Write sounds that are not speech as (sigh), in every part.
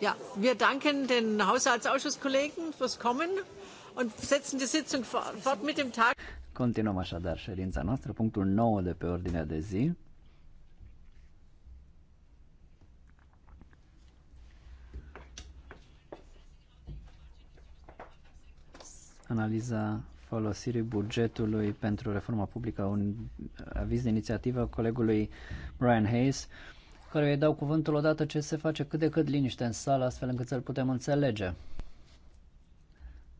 Ja, wir danken den Haushaltsausschusskollegen fürs Kommen und setzen die Sitzung fort mit dem Tag. Continuăm așadar ședința noastră, punctul 9 de pe ordinea de zi. Analiza folosirii bugetului pentru reforma publică, un aviz de inițiativă colegului Brian Hayes care îi dau cuvântul odată ce se face cât de cât liniște în sală, astfel încât să-l putem înțelege.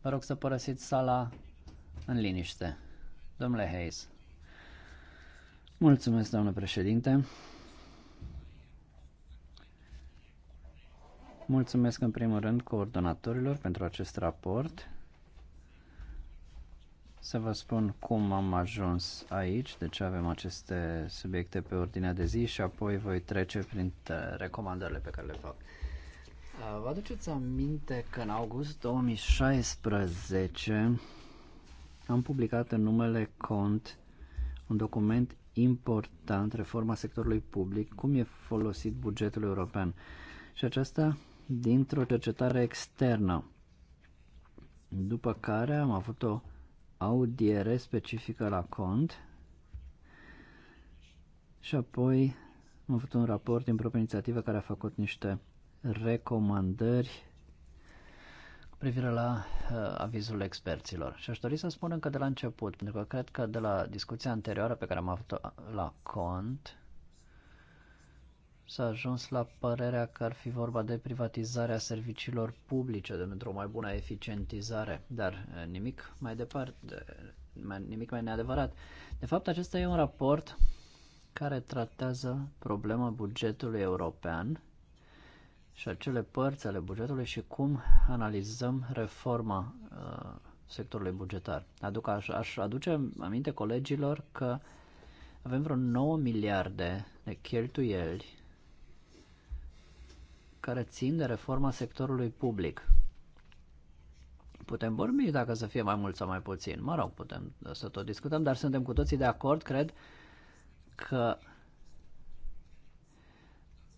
Vă rog să părăsiți sala în liniște. Domnule Hayes. Mulțumesc, doamnă președinte. Mulțumesc în primul rând coordonatorilor pentru acest raport să vă spun cum am ajuns aici, de ce avem aceste subiecte pe ordinea de zi și apoi voi trece prin uh, recomandările pe care le fac. Uh, vă aduceți aminte că în august 2016 am publicat în numele cont un document important, reforma sectorului public, cum e folosit bugetul european. Și aceasta dintr-o cercetare externă, după care am avut o audiere specifică la cont și apoi am avut un raport din propria inițiativă care a făcut niște recomandări cu privire la uh, avizul experților. Și aș dori să spun încă de la început, pentru că cred că de la discuția anterioară pe care am avut-o la cont, s-a ajuns la părerea că ar fi vorba de privatizarea serviciilor publice, de într-o mai bună eficientizare, dar eh, nimic mai departe, nimic mai neadevărat. De fapt, acesta e un raport care tratează problema bugetului european și acele părți ale bugetului și cum analizăm reforma uh, sectorului bugetar. Aduc, aș, aș aduce aminte colegilor că avem vreo 9 miliarde de cheltuieli care țin de reforma sectorului public. Putem vorbi dacă să fie mai mult sau mai puțin, mă rog, putem să tot discutăm, dar suntem cu toții de acord, cred, că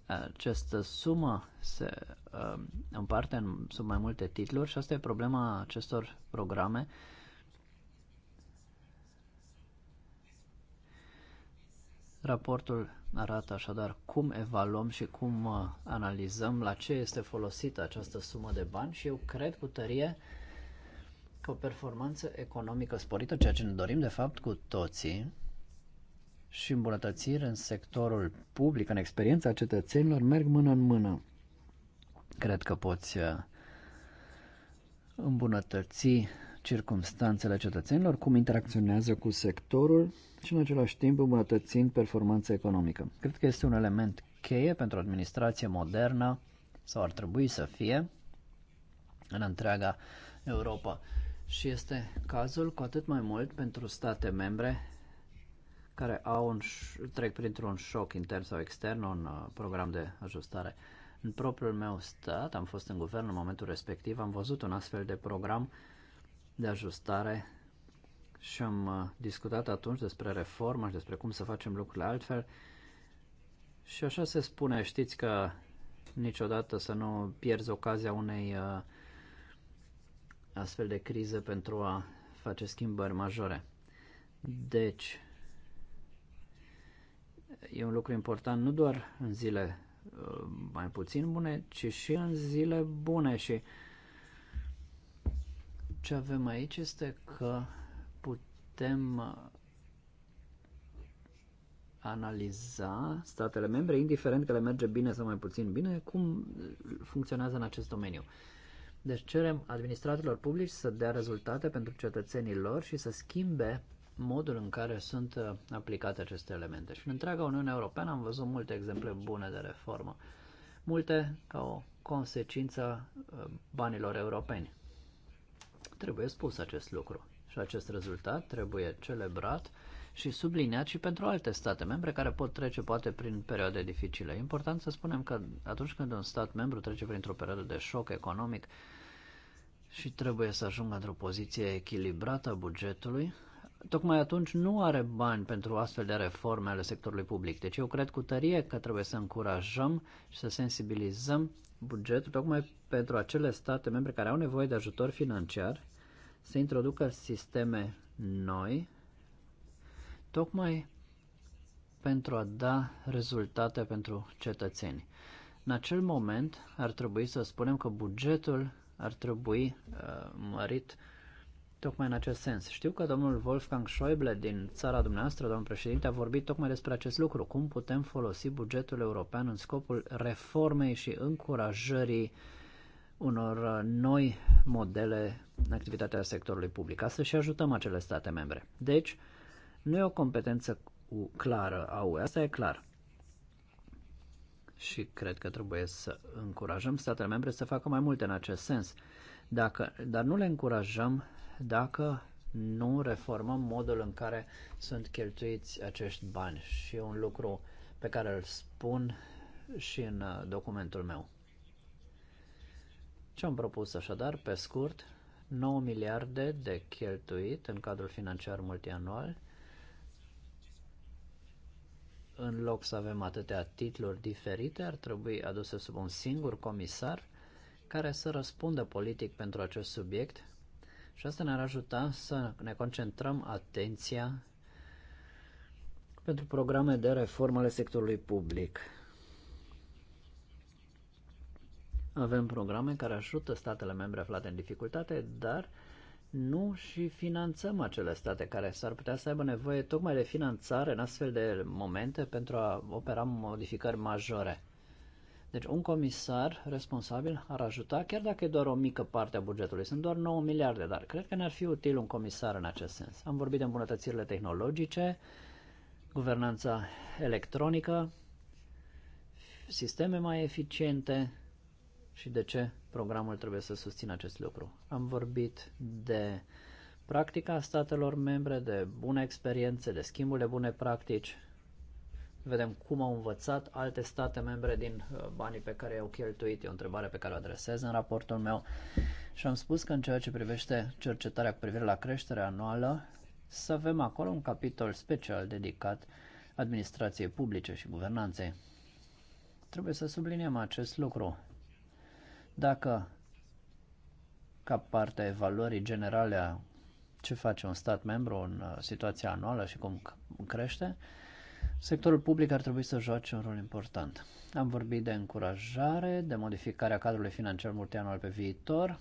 această sumă se um, împarte în, sub mai multe titluri și asta e problema acestor programe Raportul arată așadar cum evaluăm și cum uh, analizăm la ce este folosită această sumă de bani și eu cred cu tărie că o performanță economică sporită, ceea ce ne dorim de fapt cu toții, și îmbunătățiri în sectorul public, în experiența cetățenilor, merg mână în mână. Cred că poți uh, îmbunătăți circumstanțele cetățenilor, cum interacționează cu sectorul și în același timp îmbunătățind performanța economică. Cred că este un element cheie pentru administrație modernă sau ar trebui să fie în întreaga Europa. Și este cazul cu atât mai mult pentru state membre care au un, trec printr-un șoc intern sau extern, un uh, program de ajustare. În propriul meu stat, am fost în guvern în momentul respectiv, am văzut un astfel de program uh, de ajustare și am uh, discutat atunci despre reformă și despre cum să facem lucrurile altfel. Și așa se spune, știți că niciodată să nu pierzi ocazia unei uh, astfel de crize pentru a face schimbări majore. Deci, e un lucru important nu doar în zile uh, mai puțin bune, ci și în zile bune și uh, ce avem aici este că putem uh, analiza statele membre, indiferent că le merge bine sau mai puțin bine, cum funcționează în acest domeniu. Deci cerem administratorilor publici să dea rezultate pentru cetățenii lor și să schimbe modul în care sunt uh, aplicate aceste elemente. Și în întreaga Uniune Europeană am văzut multe exemple bune de reformă. Multe ca o consecință uh, banilor europeni. Trebuie spus acest lucru și acest rezultat trebuie celebrat și subliniat și pentru alte state membre care pot trece poate prin perioade dificile. E important să spunem că atunci când un stat membru trece printr-o perioadă de șoc economic și trebuie să ajungă într-o poziție echilibrată a bugetului, tocmai atunci nu are bani pentru astfel de reforme ale sectorului public. Deci eu cred cu tărie că trebuie să încurajăm și să sensibilizăm bugetul tocmai pentru acele state membre care au nevoie de ajutor financiar să introducă sisteme noi, tocmai pentru a da rezultate pentru cetățeni. În acel moment ar trebui să spunem că bugetul ar trebui uh, mărit tocmai în acest sens. Știu că domnul Wolfgang Schäuble din țara dumneavoastră, domnul președinte, a vorbit tocmai despre acest lucru. Cum putem folosi bugetul european în scopul reformei și încurajării unor uh, noi modele activitatea sectorului public, să și ajutăm acele state membre. Deci, nu e o competență clară a UE, asta e clar. Și cred că trebuie să încurajăm statele membre să facă mai multe în acest sens. Dacă, dar nu le încurajăm dacă nu reformăm modul în care sunt cheltuiți acești bani. Și e un lucru pe care îl spun și în uh, documentul meu. Ce am propus așadar, pe scurt, 9 miliarde de cheltuit în cadrul financiar multianual. În loc să avem atâtea titluri diferite, ar trebui aduse sub un singur comisar care să răspundă politic pentru acest subiect și asta ne-ar ajuta să ne concentrăm atenția pentru programe de reformă ale sectorului public. Avem programe care ajută statele membre aflate în dificultate, dar nu și finanțăm acele state care s-ar putea să aibă nevoie tocmai de finanțare în astfel de momente pentru a opera modificări majore. Deci un comisar responsabil ar ajuta, chiar dacă e doar o mică parte a bugetului, sunt doar 9 miliarde, dar cred că ne-ar fi util un comisar în acest sens. Am vorbit de îmbunătățirile tehnologice, guvernanța electronică, sisteme mai eficiente, și de ce programul trebuie să susțină acest lucru. Am vorbit de practica statelor membre, de bune experiențe, de schimbul de bune practici. Vedem cum au învățat alte state membre din uh, banii pe care i-au cheltuit. E o întrebare pe care o adresez în raportul meu. Și am spus că în ceea ce privește cercetarea cu privire la creșterea anuală, să avem acolo un capitol special dedicat administrației publice și guvernanței. Trebuie să subliniem acest lucru. Dacă, ca parte a evaluării generale a ce face un stat membru în uh, situația anuală și cum crește, sectorul public ar trebui să joace un rol important. Am vorbit de încurajare, de modificarea cadrului financiar multianual pe viitor.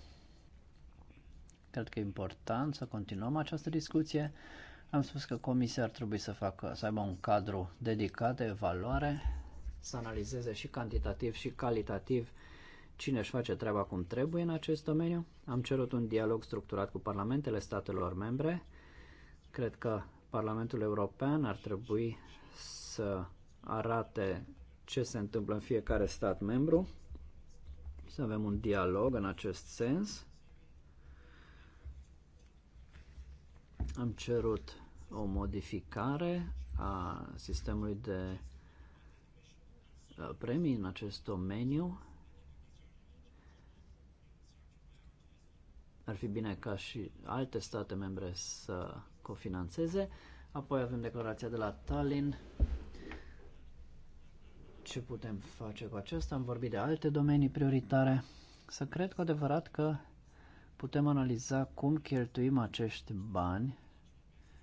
Cred că e important să continuăm această discuție. Am spus că comisia ar trebui să, facă, să aibă un cadru dedicat de evaluare, să analizeze și cantitativ și calitativ Cine își face treaba cum trebuie în acest domeniu? Am cerut un dialog structurat cu parlamentele statelor membre. Cred că Parlamentul European ar trebui să arate ce se întâmplă în fiecare stat membru, să avem un dialog în acest sens. Am cerut o modificare a sistemului de uh, premii în acest domeniu Ar fi bine ca și alte state membre să cofinanțeze. Apoi avem declarația de la Tallinn. Ce putem face cu aceasta? Am vorbit de alte domenii prioritare. Să cred cu adevărat că putem analiza cum cheltuim acești bani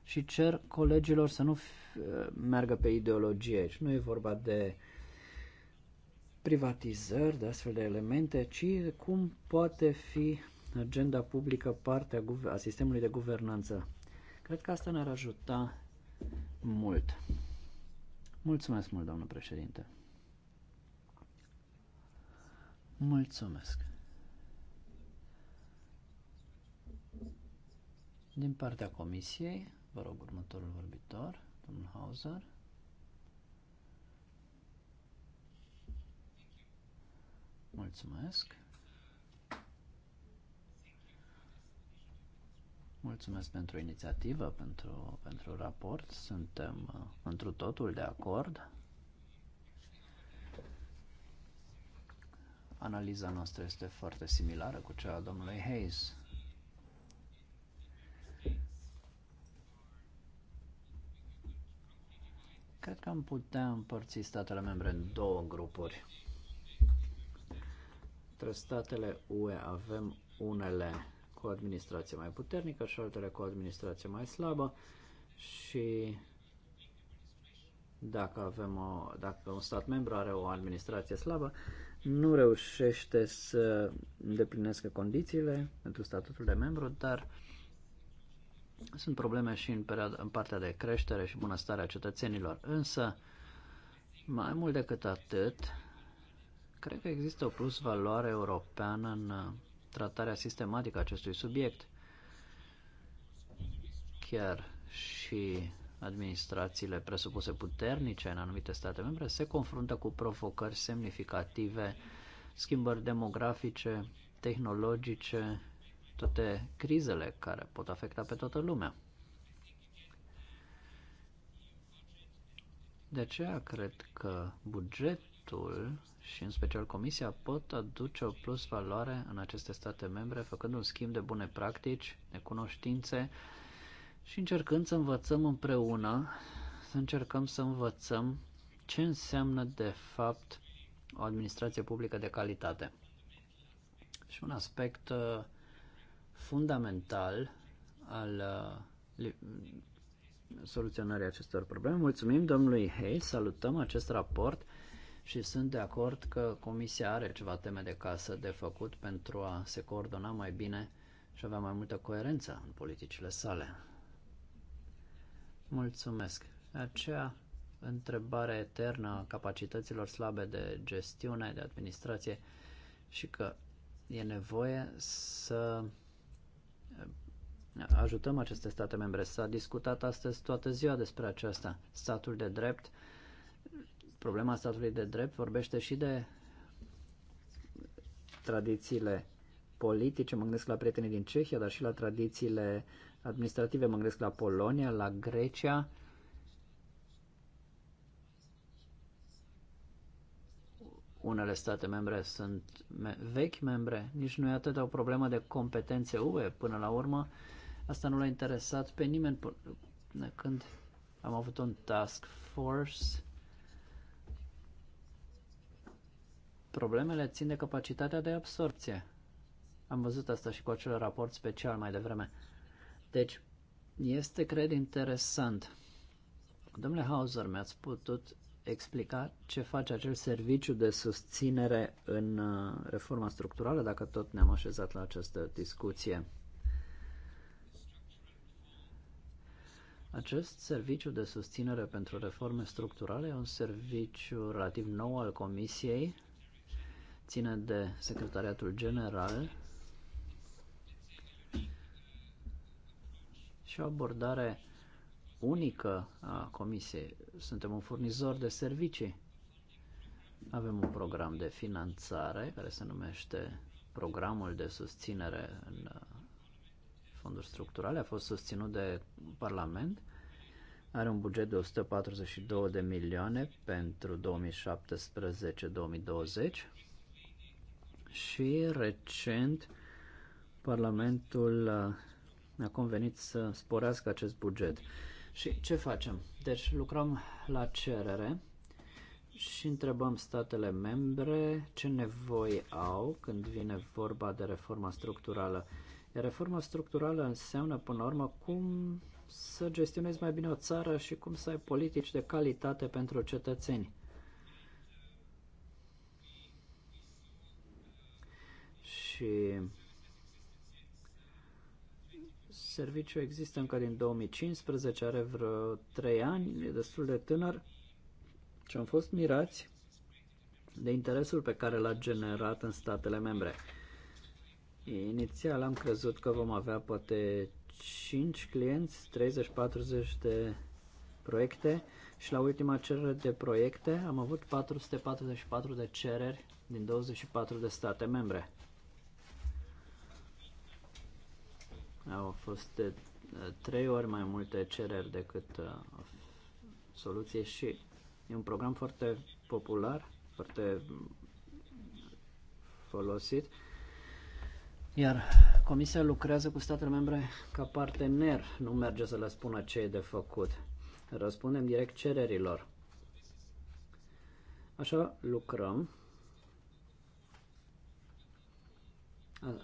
și cer colegilor să nu meargă pe ideologie aici. Nu e vorba de privatizări, de astfel de elemente, ci cum poate fi agenda publică parte a, a sistemului de guvernanță. Cred că asta ne-ar ajuta mult. Mulțumesc mult, doamnă președinte. Mulțumesc. Din partea comisiei, vă rog următorul vorbitor, domnul Hauser. Mulțumesc. Mulțumesc pentru inițiativă, pentru, pentru raport. Suntem uh, întru totul de acord. Analiza noastră este foarte similară cu cea a domnului Hayes. Cred că am putea împărți statele membre în două grupuri. Între statele UE avem unele cu o administrație mai puternică și altele cu o administrație mai slabă și dacă, avem o, dacă un stat membru are o administrație slabă, nu reușește să îndeplinească condițiile pentru statutul de membru, dar sunt probleme și în, perioada, în partea de creștere și bunăstare a cetățenilor. Însă, mai mult decât atât, cred că există o plus valoare europeană în tratarea sistematică a acestui subiect. Chiar și administrațiile presupuse puternice în anumite state membre se confruntă cu provocări semnificative, schimbări demografice, tehnologice, toate crizele care pot afecta pe toată lumea. De aceea cred că bugetul și în special Comisia pot aduce o plus valoare în aceste state membre, făcând un schimb de bune practici, de cunoștințe și încercând să învățăm împreună, să încercăm să învățăm ce înseamnă de fapt o administrație publică de calitate. Și un aspect uh, fundamental al uh, soluționării acestor probleme. Mulțumim domnului Hale, salutăm acest raport și sunt de acord că Comisia are ceva teme de casă de făcut pentru a se coordona mai bine și avea mai multă coerență în politicile sale. Mulțumesc. Aceea întrebare eternă a capacităților slabe de gestiune, de administrație și că e nevoie să ajutăm aceste state membre. S-a discutat astăzi toată ziua despre aceasta. Statul de drept problema statului de drept vorbește și de tradițiile politice, mă gândesc la prietenii din Cehia, dar și la tradițiile administrative, mă gândesc la Polonia, la Grecia. Unele state membre sunt me- vechi membre, nici nu e atât o problemă de competențe UE până la urmă. Asta nu l-a interesat pe nimeni până când am avut un task force Problemele țin de capacitatea de absorpție. Am văzut asta și cu acel raport special mai devreme. Deci, este, cred, interesant. Domnule Hauser, mi-ați putut explica ce face acel serviciu de susținere în uh, reforma structurală, dacă tot ne-am așezat la această discuție. Acest serviciu de susținere pentru reforme structurale e un serviciu relativ nou al Comisiei ține de Secretariatul General și o abordare unică a Comisiei. Suntem un furnizor de servicii. Avem un program de finanțare care se numește Programul de Susținere în uh, Fonduri Structurale. A fost susținut de Parlament. Are un buget de 142 de milioane pentru 2017-2020. Și recent Parlamentul uh, a convenit să sporească acest buget. Și ce facem? Deci lucrăm la cerere și întrebăm statele membre ce nevoi au când vine vorba de reforma structurală. Iar reforma structurală înseamnă, până la urmă, cum să gestionezi mai bine o țară și cum să ai politici de calitate pentru cetățeni. și serviciul există încă din 2015, are vreo 3 ani, e destul de tânăr și am fost mirați de interesul pe care l-a generat în statele membre. Inițial am crezut că vom avea poate 5 clienți, 30-40 de proiecte și la ultima cerere de proiecte am avut 444 de cereri din 24 de state membre. Au fost de eh, trei ori mai multe cereri decât eh, soluție și e un program foarte popular, foarte mm, folosit. Iar Comisia lucrează cu statele membre ca partener, nu merge să le spună ce e de făcut. Răspundem direct cererilor. Așa lucrăm.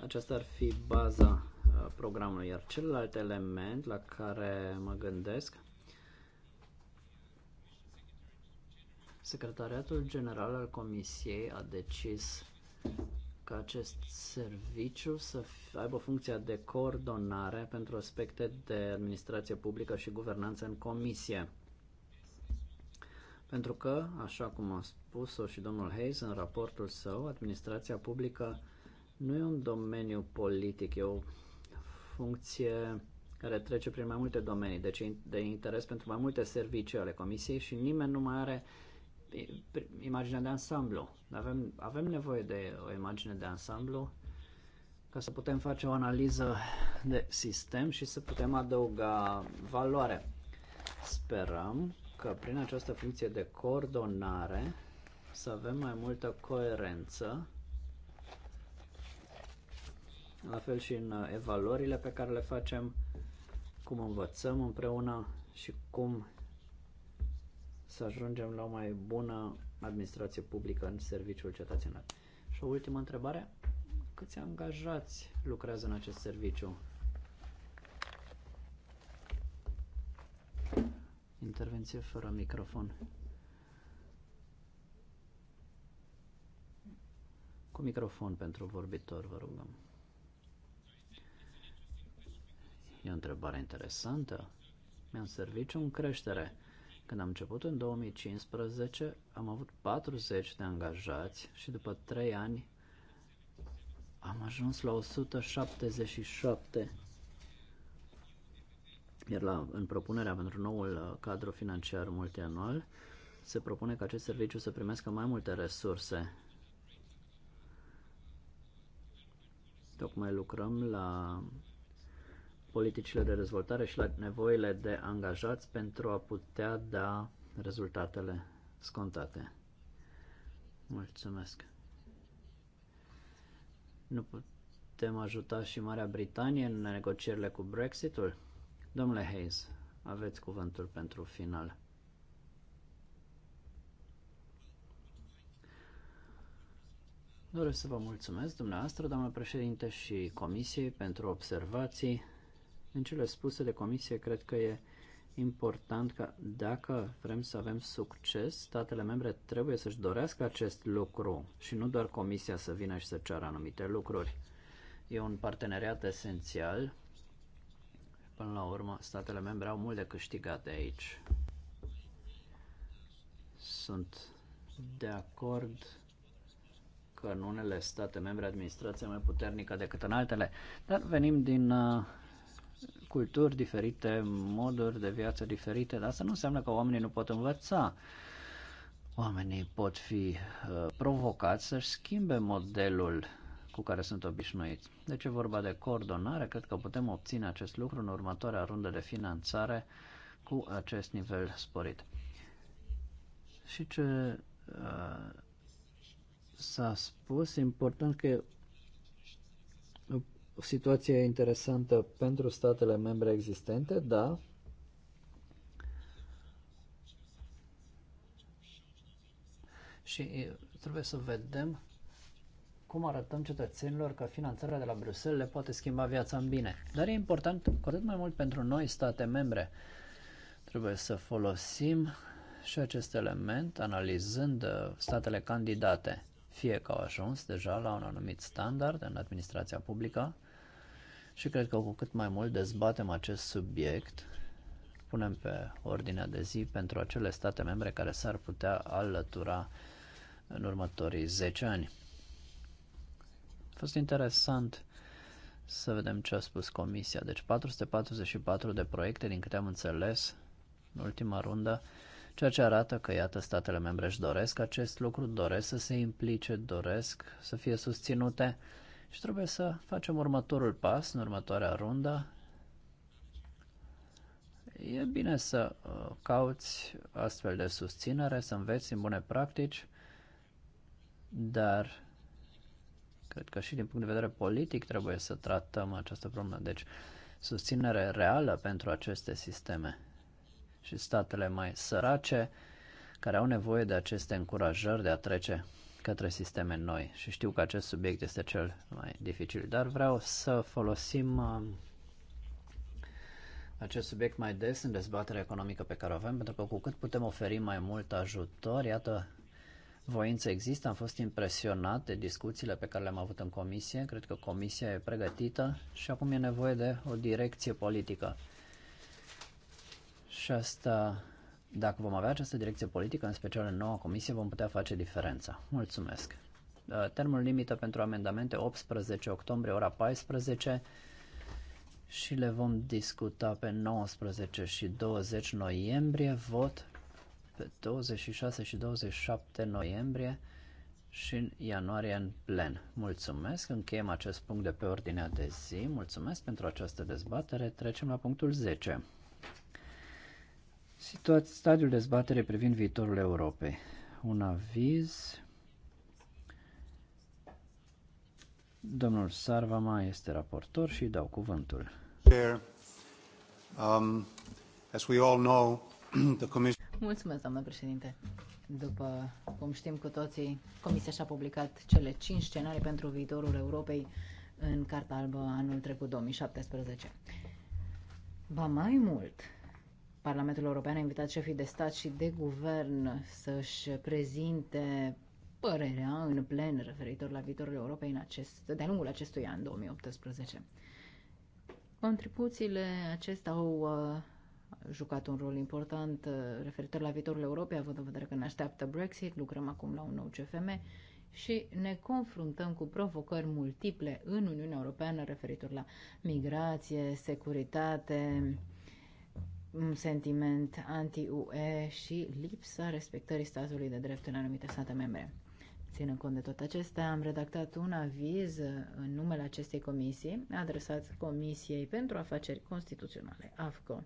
Aceasta ar fi baza programului. Iar celălalt element la care mă gândesc, Secretariatul General al Comisiei a decis ca acest serviciu să aibă funcția de coordonare pentru aspecte de administrație publică și guvernanță în comisie. Pentru că, așa cum a spus-o și domnul Hayes în raportul său, administrația publică nu e un domeniu politic, e o funcție care trece prin mai multe domenii, deci de interes pentru mai multe servicii ale comisiei și nimeni nu mai are imaginea de ansamblu. Avem, avem nevoie de o imagine de ansamblu ca să putem face o analiză de sistem și să putem adăuga valoare. Sperăm că prin această funcție de coordonare să avem mai multă coerență la fel și în uh, evaluările pe care le facem, cum învățăm împreună și cum să ajungem la o mai bună administrație publică în serviciul cetățenilor. Și o ultimă întrebare, câți angajați lucrează în acest serviciu? Intervenție fără microfon. Cu microfon pentru vorbitor, vă rugăm. E o întrebare interesantă. Mi-am serviciu în creștere. Când am început în 2015, am avut 40 de angajați și după 3 ani am ajuns la 177. Iar la, în propunerea pentru noul uh, cadru financiar multianual se propune ca acest serviciu să primească mai multe resurse. Tocmai lucrăm la politicile de dezvoltare și la nevoile de angajați pentru a putea da rezultatele scontate. Mulțumesc. Nu putem ajuta și Marea Britanie în negocierile cu Brexitul? Domnule Hayes, aveți cuvântul pentru final. Doresc să vă mulțumesc dumneavoastră, doamnă președinte, și comisiei pentru observații. În cele spuse de comisie, cred că e important că dacă vrem să avem succes, statele membre trebuie să-și dorească acest lucru și nu doar comisia să vină și să ceară anumite lucruri. E un parteneriat esențial. Până la urmă, statele membre au mult de câștigat de aici. Sunt de acord că în unele state membre administrația mai puternică decât în altele, dar venim din uh, culturi diferite, moduri de viață diferite, dar asta nu înseamnă că oamenii nu pot învăța. Oamenii pot fi uh, provocați să-și schimbe modelul cu care sunt obișnuiți. Deci e vorba de coordonare, cred că putem obține acest lucru în următoarea rundă de finanțare cu acest nivel sporit. Și ce uh, s-a spus, important că o situație interesantă pentru statele membre existente, da. Și trebuie să vedem cum arătăm cetățenilor că finanțarea de la Bruxelles le poate schimba viața în bine. Dar e important cu atât mai mult pentru noi, state membre. Trebuie să folosim și acest element analizând uh, statele candidate, fie că au ajuns deja la un anumit standard în administrația publică, și cred că cu cât mai mult dezbatem acest subiect, punem pe ordinea de zi pentru acele state membre care s-ar putea alătura în următorii 10 ani. A fost interesant să vedem ce a spus comisia. Deci 444 de proiecte, din câte am înțeles, în ultima rundă, ceea ce arată că, iată, statele membre își doresc acest lucru, doresc să se implice, doresc să fie susținute și trebuie să facem următorul pas în următoarea rundă. E bine să uh, cauți astfel de susținere, să înveți în bune practici, dar cred că și din punct de vedere politic trebuie să tratăm această problemă. Deci, susținere reală pentru aceste sisteme și statele mai sărace care au nevoie de aceste încurajări de a trece către sisteme noi. Și știu că acest subiect este cel mai dificil, dar vreau să folosim um, acest subiect mai des în dezbaterea economică pe care o avem, pentru că cu cât putem oferi mai mult ajutor, iată, voință există, am fost impresionat de discuțiile pe care le-am avut în comisie, cred că comisia e pregătită și acum e nevoie de o direcție politică. Și asta dacă vom avea această direcție politică, în special în noua comisie, vom putea face diferența. Mulțumesc! Uh, termenul limită pentru amendamente 18 octombrie, ora 14 și le vom discuta pe 19 și 20 noiembrie, vot pe 26 și 27 noiembrie și în ianuarie în plen. Mulțumesc, încheiem acest punct de pe ordinea de zi. Mulțumesc pentru această dezbatere. Trecem la punctul 10. Situați stadiul dezbatere privind viitorul Europei. Un aviz. Domnul Sarvama este raportor și dau cuvântul. Um, (clears throat) Mulțumesc, doamnă președinte. După cum știm cu toții, Comisia și-a publicat cele cinci scenarii pentru viitorul Europei în Carta Albă anul trecut 2017. Ba mai mult, Parlamentul European a invitat șefii de stat și de guvern să-și prezinte părerea în plen referitor la viitorul Europei în acest, de-a lungul acestui an 2018. Contribuțiile acestea au uh, jucat un rol important uh, referitor la viitorul Europei, având în vedere că ne așteaptă Brexit, lucrăm acum la un nou CFM și ne confruntăm cu provocări multiple în Uniunea Europeană referitor la migrație, securitate, un sentiment anti-UE și lipsa respectării statului de drept în anumite state membre. Ținând cont de tot acestea, am redactat un aviz în numele acestei comisii, adresat Comisiei pentru Afaceri Constituționale, AFCO.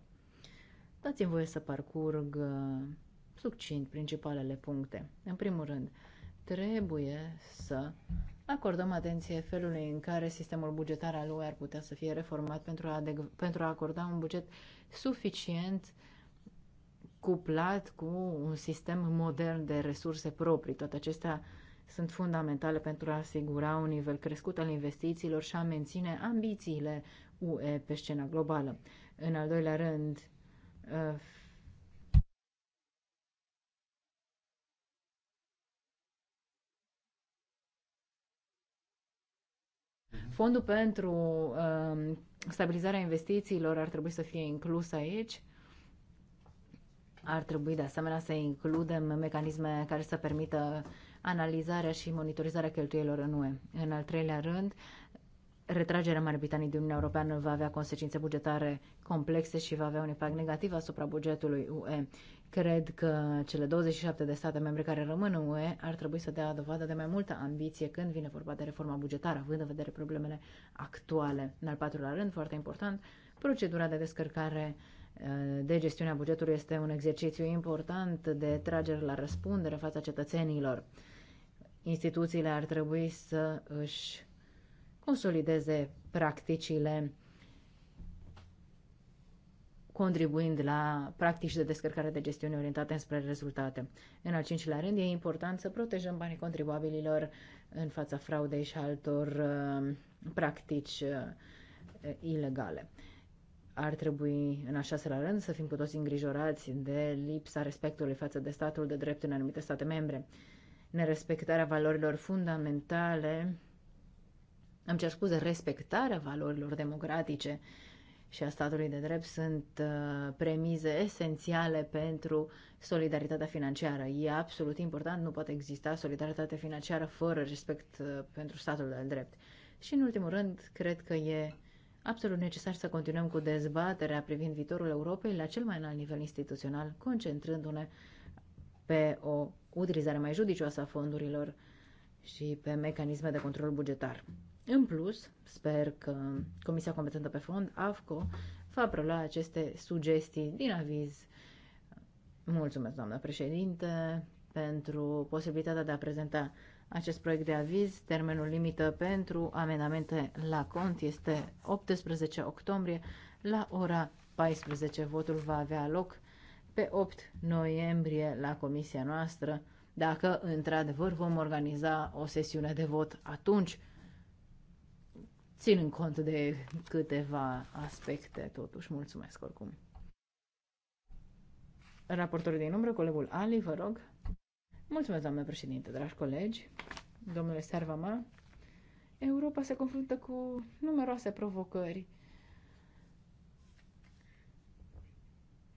Dați-mi voie să parcurg uh, succint principalele puncte. În primul rând, trebuie să acordăm atenție felului în care sistemul bugetar al UE ar putea să fie reformat pentru a, pentru a acorda un buget suficient cuplat cu un sistem modern de resurse proprii. Toate acestea sunt fundamentale pentru a asigura un nivel crescut al investițiilor și a menține ambițiile UE pe scena globală. În al doilea rând, uh, Fondul pentru um, stabilizarea investițiilor ar trebui să fie inclus aici. Ar trebui de asemenea să includem mecanisme care să permită analizarea și monitorizarea cheltuielor în UE. În al treilea rând, retragerea Marii Britanii din Uniunea Europeană va avea consecințe bugetare complexe și va avea un impact negativ asupra bugetului UE. Cred că cele 27 de state membre care rămân în UE ar trebui să dea dovadă de mai multă ambiție când vine vorba de reforma bugetară, având în vedere problemele actuale. În al patrulea rând, foarte important, procedura de descărcare eh, de gestiunea bugetului este un exercițiu important de tragere la răspundere fața cetățenilor. Instituțiile ar trebui să își consolideze practicile contribuind la practici de descărcare de gestiune orientate spre rezultate. În al cincilea rând, e important să protejăm banii contribuabililor în fața fraudei și altor uh, practici uh, ilegale. Ar trebui, în al șaselea rând, să fim cu toți îngrijorați de lipsa respectului față de statul de drept în anumite state membre. Nerespectarea valorilor fundamentale am cer scuze, respectarea valorilor democratice și a statului de drept sunt uh, premize esențiale pentru solidaritatea financiară. E absolut important, nu poate exista solidaritate financiară fără respect uh, pentru statul de drept. Și în ultimul rând, cred că e absolut necesar să continuăm cu dezbaterea privind viitorul Europei la cel mai înalt nivel instituțional, concentrându-ne pe o utilizare mai judicioasă a fondurilor și pe mecanisme de control bugetar. În plus, sper că Comisia Competentă pe Fond, AFCO, va prelua aceste sugestii din aviz. Mulțumesc, doamna președinte, pentru posibilitatea de a prezenta acest proiect de aviz. Termenul limită pentru amendamente la cont este 18 octombrie la ora 14. Votul va avea loc pe 8 noiembrie la comisia noastră, dacă într-adevăr vom organiza o sesiune de vot atunci ținând cont de câteva aspecte, totuși. Mulțumesc oricum. Raportor din umbră, colegul Ali, vă rog. Mulțumesc, doamnă președinte, dragi colegi, domnule Servama. Europa se confruntă cu numeroase provocări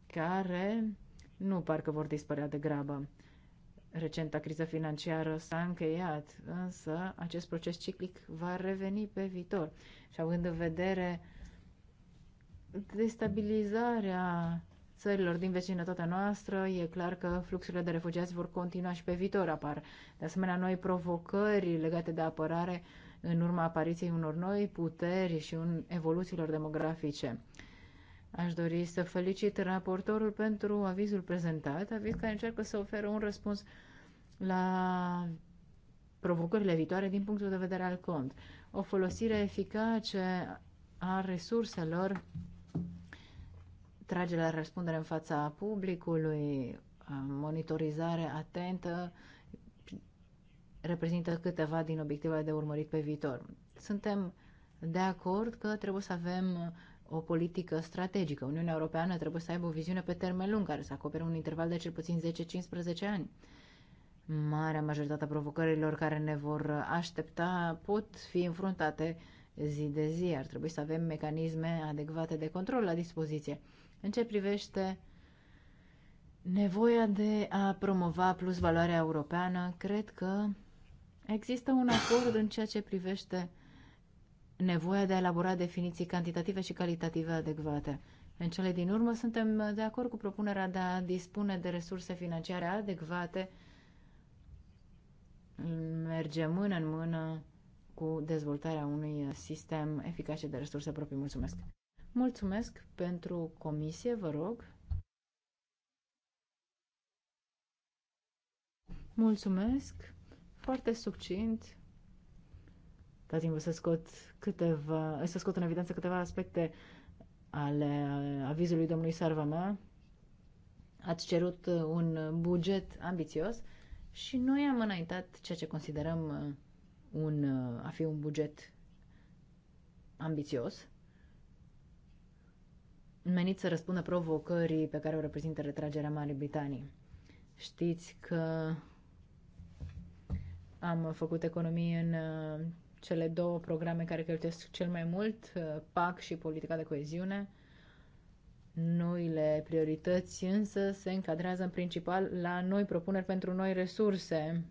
care nu parcă vor dispărea de grabă. Recenta criză financiară s-a încheiat, însă acest proces ciclic va reveni pe viitor. Și având în vedere destabilizarea țărilor din vecinătatea noastră, e clar că fluxurile de refugiați vor continua și pe viitor. Apar de asemenea noi provocări legate de apărare în urma apariției unor noi puteri și un evoluțiilor demografice. Aș dori să felicit raportorul pentru avizul prezentat, aviz care încearcă să oferă un răspuns la provocările viitoare din punctul de vedere al cont. O folosire eficace a resurselor, trage la răspundere în fața publicului, monitorizare atentă, reprezintă câteva din obiectivele de urmărit pe viitor. Suntem de acord că trebuie să avem o politică strategică. Uniunea Europeană trebuie să aibă o viziune pe termen lung care să acopere un interval de cel puțin 10-15 ani. Marea majoritatea provocărilor care ne vor aștepta pot fi înfruntate zi de zi. Ar trebui să avem mecanisme adecvate de control la dispoziție. În ce privește nevoia de a promova plus valoarea europeană, cred că există un acord în ceea ce privește nevoia de a elabora definiții cantitative și calitative adecvate. În cele din urmă, suntem de acord cu propunerea de a dispune de resurse financiare adecvate, merge mână în mână cu dezvoltarea unui sistem eficace de resurse proprii. Mulțumesc! Mulțumesc pentru comisie, vă rog. Mulțumesc! Foarte succint! Dați-mi să scot, câteva, să scot în evidență câteva aspecte ale avizului domnului Sarvama. Ați cerut un buget ambițios și noi am înaintat ceea ce considerăm uh, un, uh, a fi un buget ambițios, menit să răspundă provocării pe care o reprezintă retragerea Marii Britanii. Știți că am făcut economii în uh, cele două programe care cheltuiesc cel mai mult, uh, PAC și politica de coeziune. Noile priorități însă se încadrează în principal la noi propuneri pentru noi resurse.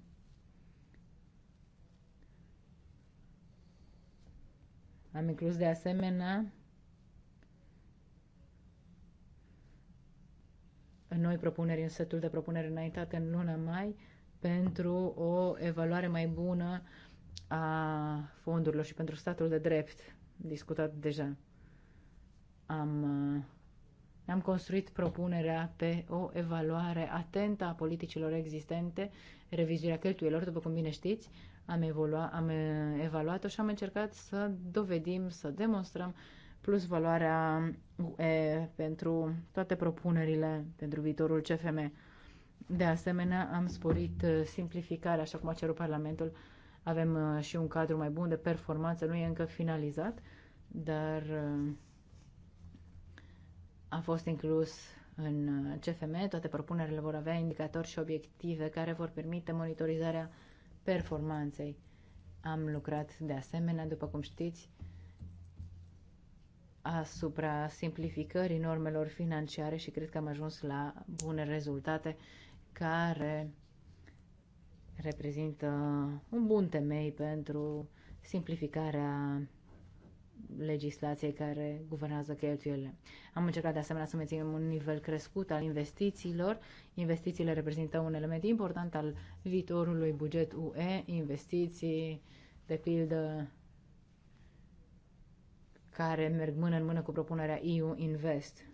Am inclus de asemenea noi propuneri în setul de propuneri înaintate în luna mai pentru o evaluare mai bună a fondurilor și pentru statul de drept, discutat deja. Am, uh, am construit propunerea pe o evaluare atentă a politicilor existente, revizuirea cheltuielor, după cum bine știți, am, evolua, am uh, evaluat-o și am încercat să dovedim, să demonstrăm plus valoarea UE pentru toate propunerile pentru viitorul CFM. De asemenea, am sporit uh, simplificarea, așa cum a cerut Parlamentul, avem uh, și un cadru mai bun de performanță, nu e încă finalizat, dar uh, a fost inclus în uh, CFM. Toate propunerile vor avea indicatori și obiective care vor permite monitorizarea performanței. Am lucrat de asemenea, după cum știți, asupra simplificării normelor financiare și cred că am ajuns la bune rezultate care reprezintă un bun temei pentru simplificarea legislației care guvernează cheltuielile. Am încercat de asemenea să menținem un nivel crescut al investițiilor. Investițiile reprezintă un element important al viitorului buget UE, investiții, de pildă, care merg mână în mână cu propunerea EU Invest.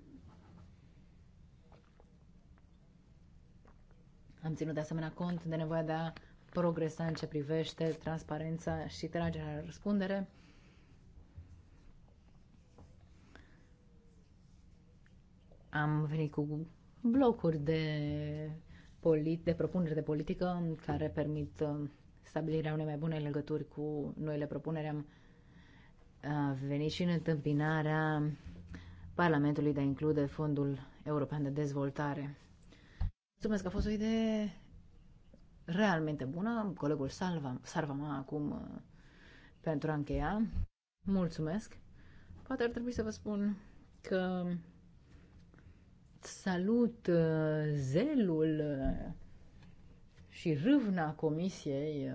Am ținut de asemenea cont de nevoia de a progresa în ce privește transparența și tragerea la răspundere. Am venit cu blocuri de, polit, de propuneri de politică care permit uh, stabilirea unei mai bune legături cu noile propuneri. Am uh, venit și în întâmpinarea Parlamentului de a include Fondul European de Dezvoltare. Mulțumesc, a fost o idee realmente bună. Colegul Salva, mă acum uh, pentru a încheia. Mulțumesc. Poate ar trebui să vă spun că salut uh, zelul uh, și râvna comisiei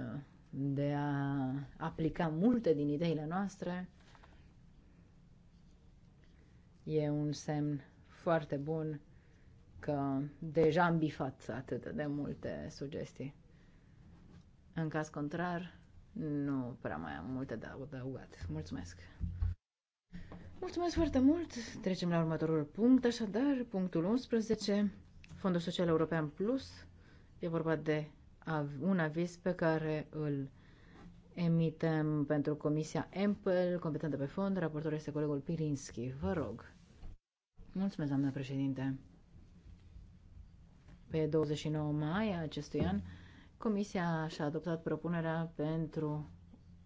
de a aplica multe din ideile noastre. E un semn foarte bun că deja am bifat atât de multe sugestii. În caz contrar, nu prea mai am multe de adăugat. Mulțumesc! Mulțumesc foarte mult! Trecem la următorul punct, așadar, punctul 11, Fondul Social European Plus. E vorba de un aviz pe care îl emitem pentru Comisia EMPEL, competentă pe fond. Raportorul este colegul Pirinski. Vă rog! Mulțumesc, doamnă președinte! Pe 29 mai acestui an, Comisia și-a adoptat propunerea pentru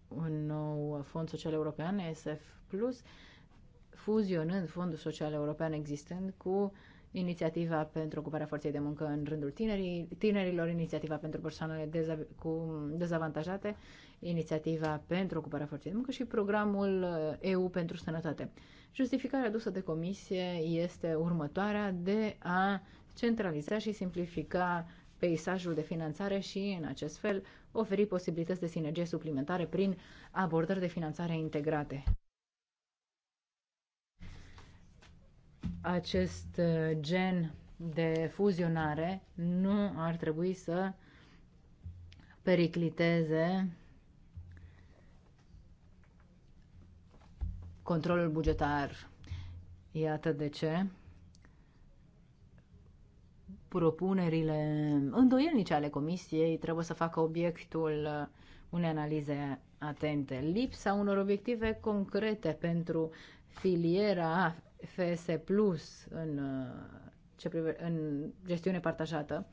un nou fond social european, ESF+, fuzionând fondul social european existent cu inițiativa pentru ocuparea forței de muncă în rândul tinerii, tinerilor, inițiativa pentru persoanele dezab- cu dezavantajate, inițiativa pentru ocuparea forței de muncă și programul EU pentru sănătate. Justificarea adusă de comisie este următoarea de a centraliza și simplifica peisajul de finanțare și, în acest fel, oferi posibilități de sinergie suplimentare prin abordări de finanțare integrate. Acest uh, gen de fuzionare nu ar trebui să pericliteze controlul bugetar. Iată de ce propunerile îndoielnice ale comisiei trebuie să facă obiectul unei analize atente. Lipsa unor obiective concrete pentru filiera FS Plus în, ce prive, în gestiune partajată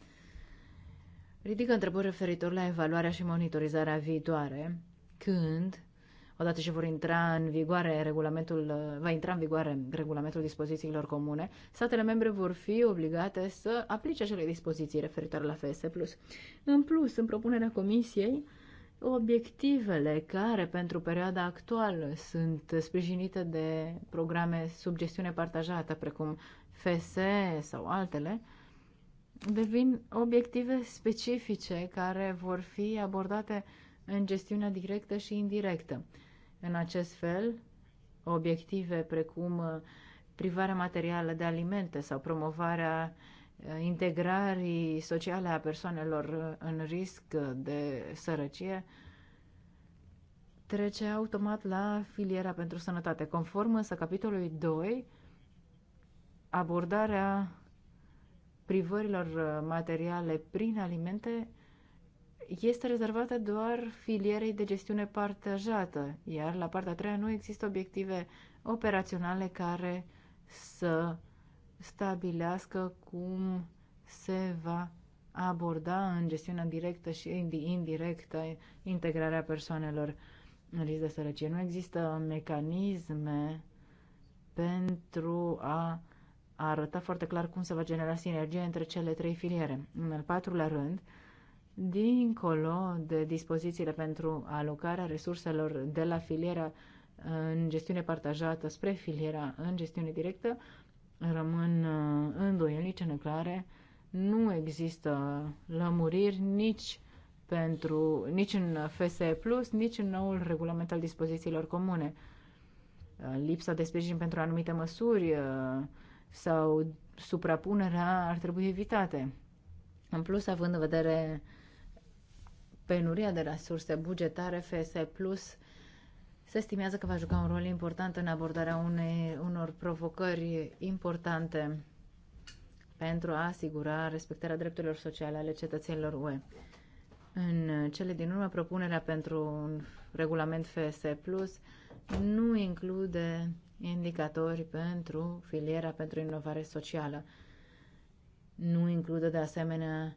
ridică întrebări referitor la evaluarea și monitorizarea viitoare, când Odată ce vor intra în vigoare regulamentul, va intra în vigoare regulamentul dispozițiilor comune, statele membre vor fi obligate să aplice acele dispoziții referitoare la FS+. În plus, în propunerea Comisiei, obiectivele care pentru perioada actuală sunt sprijinite de programe sub gestiune partajată, precum FSE sau altele, devin obiective specifice care vor fi abordate în gestiunea directă și indirectă. În acest fel, obiective precum uh, privarea materială de alimente sau promovarea uh, integrării sociale a persoanelor uh, în risc de sărăcie trece automat la filiera pentru sănătate. Conform însă capitolului 2, abordarea privărilor materiale prin alimente este rezervată doar filierei de gestiune partajată, iar la partea a treia nu există obiective operaționale care să stabilească cum se va aborda în gestiunea directă și indirectă integrarea persoanelor în risc de sărăcie. Nu există mecanisme pentru a arăta foarte clar cum se va genera sinergie între cele trei filiere. În al patrulea rând, dincolo de dispozițiile pentru alocarea resurselor de la filiera în gestiune partajată spre filiera în gestiune directă, rămân uh, îndoielnice, neclare. Nu există lămuriri nici pentru, nici în FSE+, Plus, nici în noul regulament al dispozițiilor comune. Uh, lipsa de sprijin pentru anumite măsuri uh, sau suprapunerea ar trebui evitate. În plus, având în vedere penuria de resurse bugetare, FSE Plus se estimează că va juca un rol important în abordarea unei, unor provocări importante pentru a asigura respectarea drepturilor sociale ale cetățenilor UE. În cele din urmă, propunerea pentru un regulament FSE Plus nu include indicatori pentru filiera pentru inovare socială. Nu include de asemenea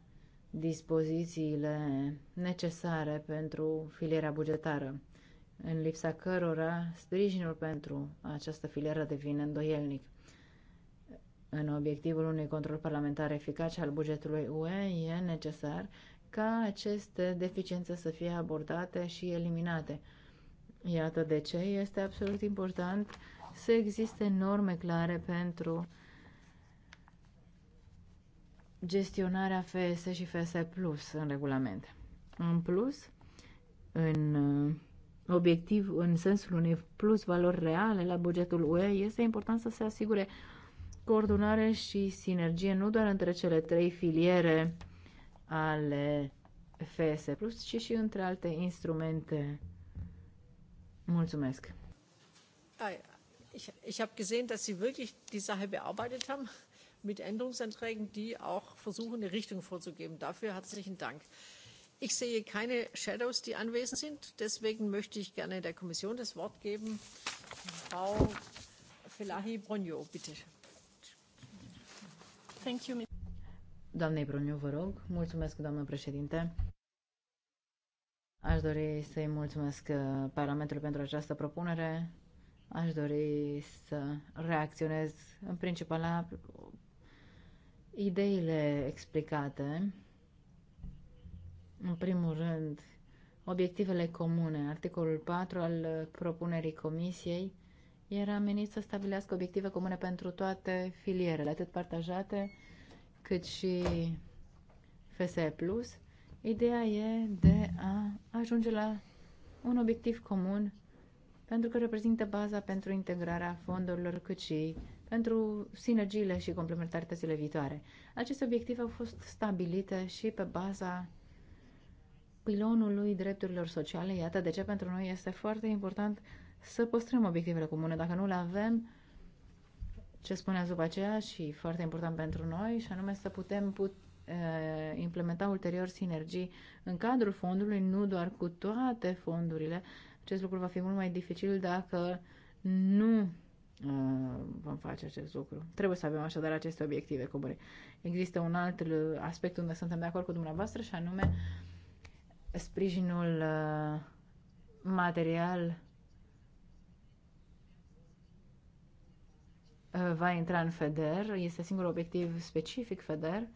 dispozițiile necesare pentru filiera bugetară, în lipsa cărora sprijinul pentru această filieră devine îndoielnic. În obiectivul unui control parlamentar eficace al bugetului UE, e necesar ca aceste deficiențe să fie abordate și eliminate. Iată de ce este absolut important să existe norme clare pentru gestionarea FS și FS Plus în regulament. În plus, în uh, obiectiv, în sensul unei plus valori reale la bugetul UE, este important să se asigure coordonare și sinergie nu doar între cele trei filiere ale FS Plus, ci și între alte instrumente. Mulțumesc. Ah, ich, ich habe gesehen, dass Sie wirklich die Sache bearbeitet haben mit Änderungsanträgen, die auch versuchen, eine Richtung vorzugeben. Dafür herzlichen Dank. Ich sehe keine Shadows, die anwesend sind. Deswegen möchte ich gerne der Kommission das Wort geben. Frau Felahi Bronio, bitte. Thank you. Doamnei Bruniu, vă rog. Mulțumesc, doamnă președinte. Aș dori să-i mulțumesc uh, Parlamentului pentru această propunere. Aș dori să reacționez în principal la ideile explicate. În primul rând, obiectivele comune. Articolul 4 al propunerii comisiei era menit să stabilească obiective comune pentru toate filierele, atât partajate cât și FSE+. Ideea e de a ajunge la un obiectiv comun pentru că reprezintă baza pentru integrarea fondurilor cât și pentru sinergiile și complementaritățile viitoare. Aceste obiective au fost stabilite și pe baza pilonului drepturilor sociale. Iată de ce pentru noi este foarte important să păstrăm obiectivele comune. Dacă nu le avem, ce spuneați după aceea și foarte important pentru noi, și anume să putem put, implementa ulterior sinergii în cadrul fondului, nu doar cu toate fondurile. Acest lucru va fi mult mai dificil dacă nu Uh, vom face acest lucru. Trebuie să avem așadar aceste obiective comune. Există un alt uh, aspect unde suntem de acord cu dumneavoastră și anume sprijinul uh, material va intra în FEDER. Este singurul obiectiv specific FEDER.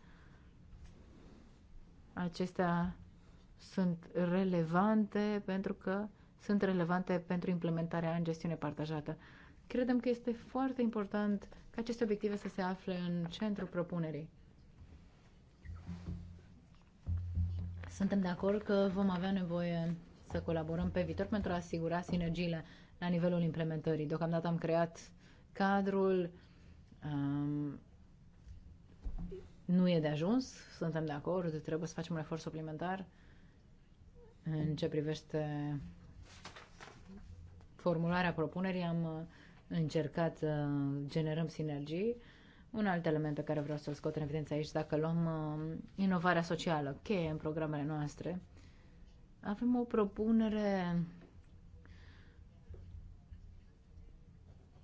Acestea sunt relevante pentru că sunt relevante pentru implementarea în gestiune partajată. Credem că este foarte important ca aceste obiective să se afle în centrul propunerii. Suntem de acord că vom avea nevoie să colaborăm pe viitor pentru a asigura sinergiile la nivelul implementării. Deocamdată am creat cadrul, um, nu e de ajuns, suntem de acord, trebuie să facem un efort suplimentar în ce privește formularea propunerii. Am încercat să generăm sinergii. Un alt element pe care vreau să-l scot în evidență aici, dacă luăm uh, inovarea socială, cheie în programele noastre, avem o propunere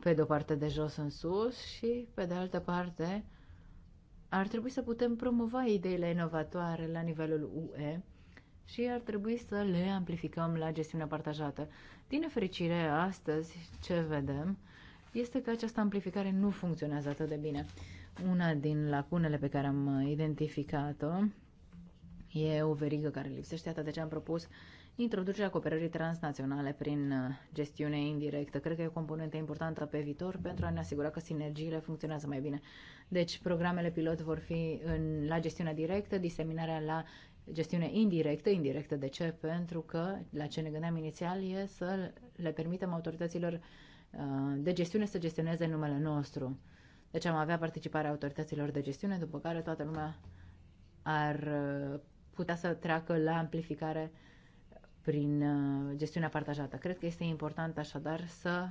pe de o parte de jos în sus și pe de altă parte ar trebui să putem promova ideile inovatoare la nivelul UE și ar trebui să le amplificăm la gestiunea partajată. Din nefericire, astăzi ce vedem este că această amplificare nu funcționează atât de bine. Una din lacunele pe care am identificat-o e o verigă care lipsește, atât de ce am propus introducerea cooperării transnaționale prin uh, gestiune indirectă. Cred că e o componentă importantă pe viitor pentru a ne asigura că sinergiile funcționează mai bine. Deci programele pilot vor fi în, la gestiunea directă, diseminarea la gestiune indirectă, indirectă de ce? Pentru că la ce ne gândeam inițial e să le permitem autorităților uh, de gestiune să gestioneze numele nostru. Deci am avea participarea autorităților de gestiune, după care toată lumea ar uh, putea să treacă la amplificare prin uh, gestiunea partajată. Cred că este important așadar să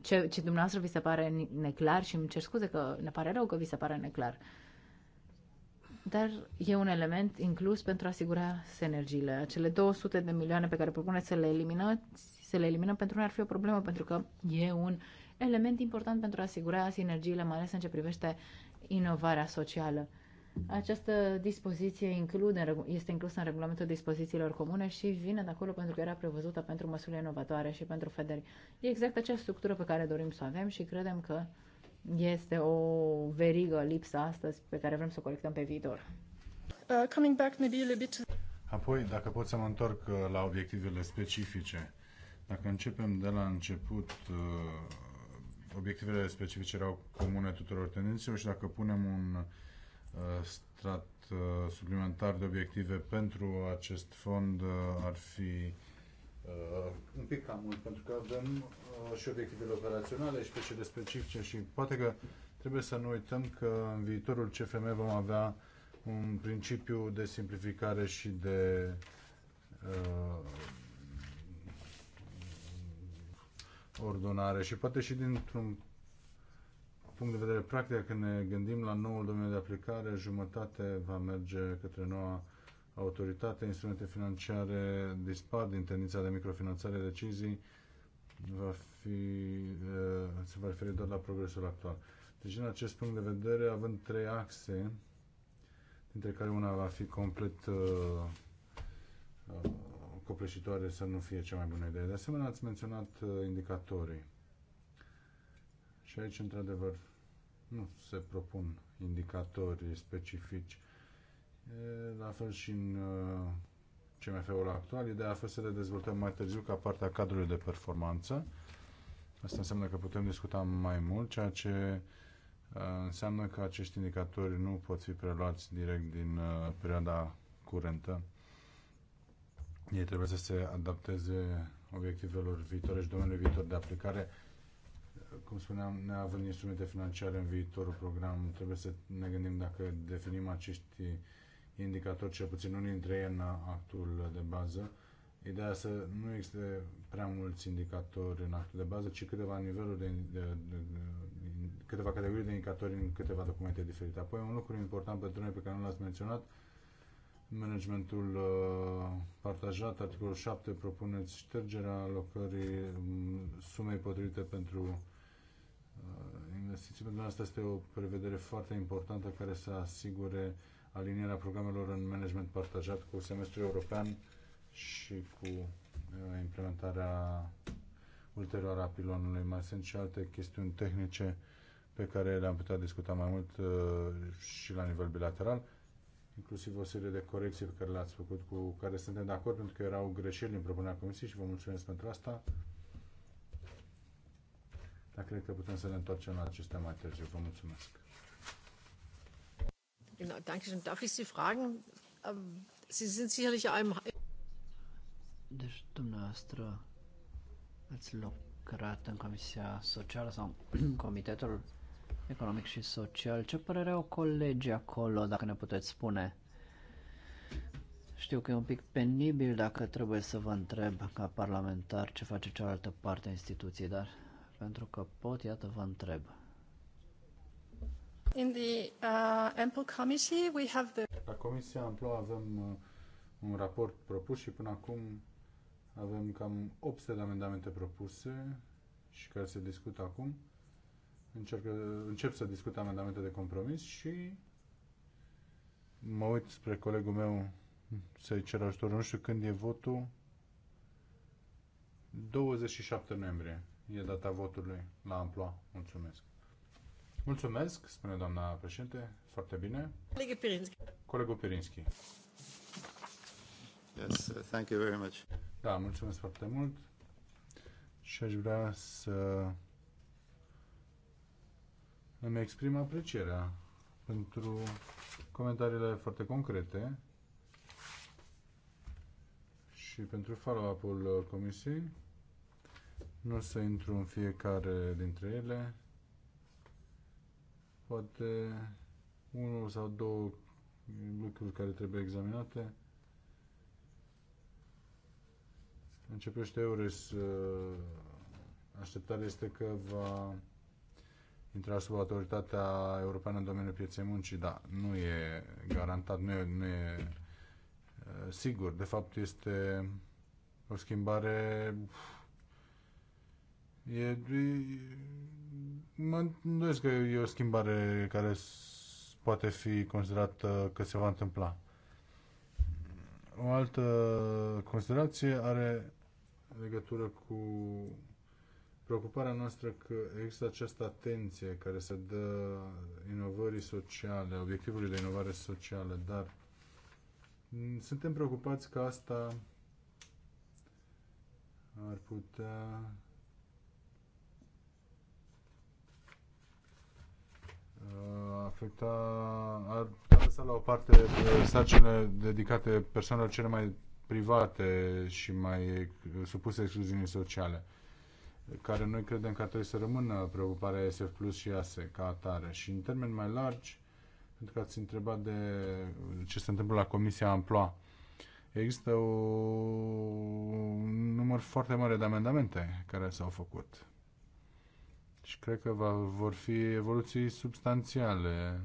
ce, ce dumneavoastră vi se pare neclar și îmi cer scuze că ne pare rău că vi se pare neclar. Uh, dar e un element inclus pentru a asigura sinergiile. Acele 200 de milioane pe care propuneți să le eliminați, să le eliminăm pentru noi ar fi o problemă, pentru că e un element important pentru a asigura sinergiile, mai ales în ce privește inovarea socială. Această dispoziție include, este inclusă în regulamentul dispozițiilor comune și vine de acolo pentru că era prevăzută pentru măsurile inovatoare și pentru FEDERI. E exact acea structură pe care dorim să o avem și credem că este o verigă lipsă astăzi pe care vrem să o corectăm pe viitor. Uh, coming back maybe a bit. Apoi, dacă pot să mă întorc uh, la obiectivele specifice, dacă începem de la început, uh, obiectivele specifice erau comune tuturor tendințelor și dacă punem un uh, strat suplimentar de obiective pentru acest fond ar fi uh, un pic cam mult, pentru că avem uh, și obiectivele operaționale și pe cele specifice și poate că trebuie să nu uităm că în viitorul CFM vom avea un principiu de simplificare și de uh, ordonare și poate și dintr-un punct de vedere practic, când ne gândim la noul domeniu de aplicare, jumătate va merge către noua autoritate, instrumente financiare dispar din tendința de microfinanțare decizii, va fi, eh, se va referi doar la progresul actual. Deci, din acest punct de vedere, având trei axe, dintre care una va fi complet uh, copleșitoare să nu fie cea mai bună idee. De asemenea, ați menționat uh, indicatorii. Și aici, într-adevăr, nu se propun indicatori specifici la fel și în uh, CMF-ul actual. Ideea a fost să le dezvoltăm mai târziu ca parte a cadrului de performanță. Asta înseamnă că putem discuta mai mult, ceea ce uh, înseamnă că acești indicatori nu pot fi preluați direct din uh, perioada curentă. Ei trebuie să se adapteze obiectivelor viitoare și domeniului viitor de aplicare. Cum spuneam, neavând instrumente financiare în viitorul program, trebuie să ne gândim dacă definim acești indicatori, cel puțin unii dintre ei în actul de bază. Ideea să nu existe prea mulți indicatori în actul de bază, ci câteva niveluri de, de, de, de câteva categorii de indicatori în câteva documente diferite. Apoi un lucru important pentru noi pe care nu l-ați menționat, managementul uh, partajat, articolul 7, propuneți ștergerea alocării mm, sumei potrivite pentru uh, investiții. Pentru asta este o prevedere foarte importantă care să asigure uh, alinierea programelor în management partajat cu semestrul european și cu uh, implementarea ulterioară a pilonului. Mai sunt și alte chestiuni tehnice pe care le-am putea discuta mai mult uh, și la nivel bilateral, inclusiv o serie de corecții pe care le-ați făcut, cu care suntem de acord, pentru că erau greșeli din propunerea Comisiei și vă mulțumesc pentru asta. Dar cred că putem să ne întoarcem la acestea mai târziu. Vă mulțumesc! Genau, danke schön. Darf ich Sie fragen? Ähm, Sie sind sicherlich einem... Deci, dumneavoastră, ați lucrat în Comisia Socială sau în (clears throat) Comitetul Economic și Social. Ce părere au colegii acolo, dacă ne puteți spune? Știu că e un pic penibil dacă trebuie să vă întreb ca parlamentar ce face cealaltă parte a instituției, dar pentru că pot, iată, vă întreb. In the uh, Ample Committee we have the... La Comisia Amplo avem uh, un raport propus și până acum avem cam 800 de amendamente propuse și care se discută acum. Încerc, încep să discut amendamente de compromis și mă uit spre colegul meu să-i cer ajutor. Nu știu când e votul. 27 noiembrie e data votului la amploa. Mulțumesc. Mulțumesc, spune doamna președinte. Foarte bine. Colegul Pirinski. Colegul Pirinski. Yes, thank you very much. Da, mulțumesc foarte mult. Și aș vrea să îmi exprim aprecierea pentru comentariile foarte concrete și pentru follow-up-ul comisiei. Nu o să intru în fiecare dintre ele poate unul sau două lucruri care trebuie examinate. Începește Eures. Uh, așteptarea este că va intra sub autoritatea europeană în domeniul pieței muncii, Da, nu e garantat, nu e, nu e uh, sigur. De fapt, este o schimbare e, e Mă îndoiesc că e o schimbare care poate fi considerată că se va întâmpla. O altă considerație are legătură cu preocuparea noastră că există această atenție care se dă inovării sociale, obiectivului de inovare socială, dar suntem preocupați că asta ar putea afecta, ar lăsa la o parte uh, sarcinile dedicate persoanelor cele mai private și mai supuse excluziunii sociale, care noi credem că ar trebui să rămână preocuparea SF Plus și ASE ca atare. Și în termeni mai largi, pentru că ați întrebat de ce se întâmplă la Comisia Amploa, există o, un număr foarte mare de amendamente care s-au făcut și cred că va, vor fi evoluții substanțiale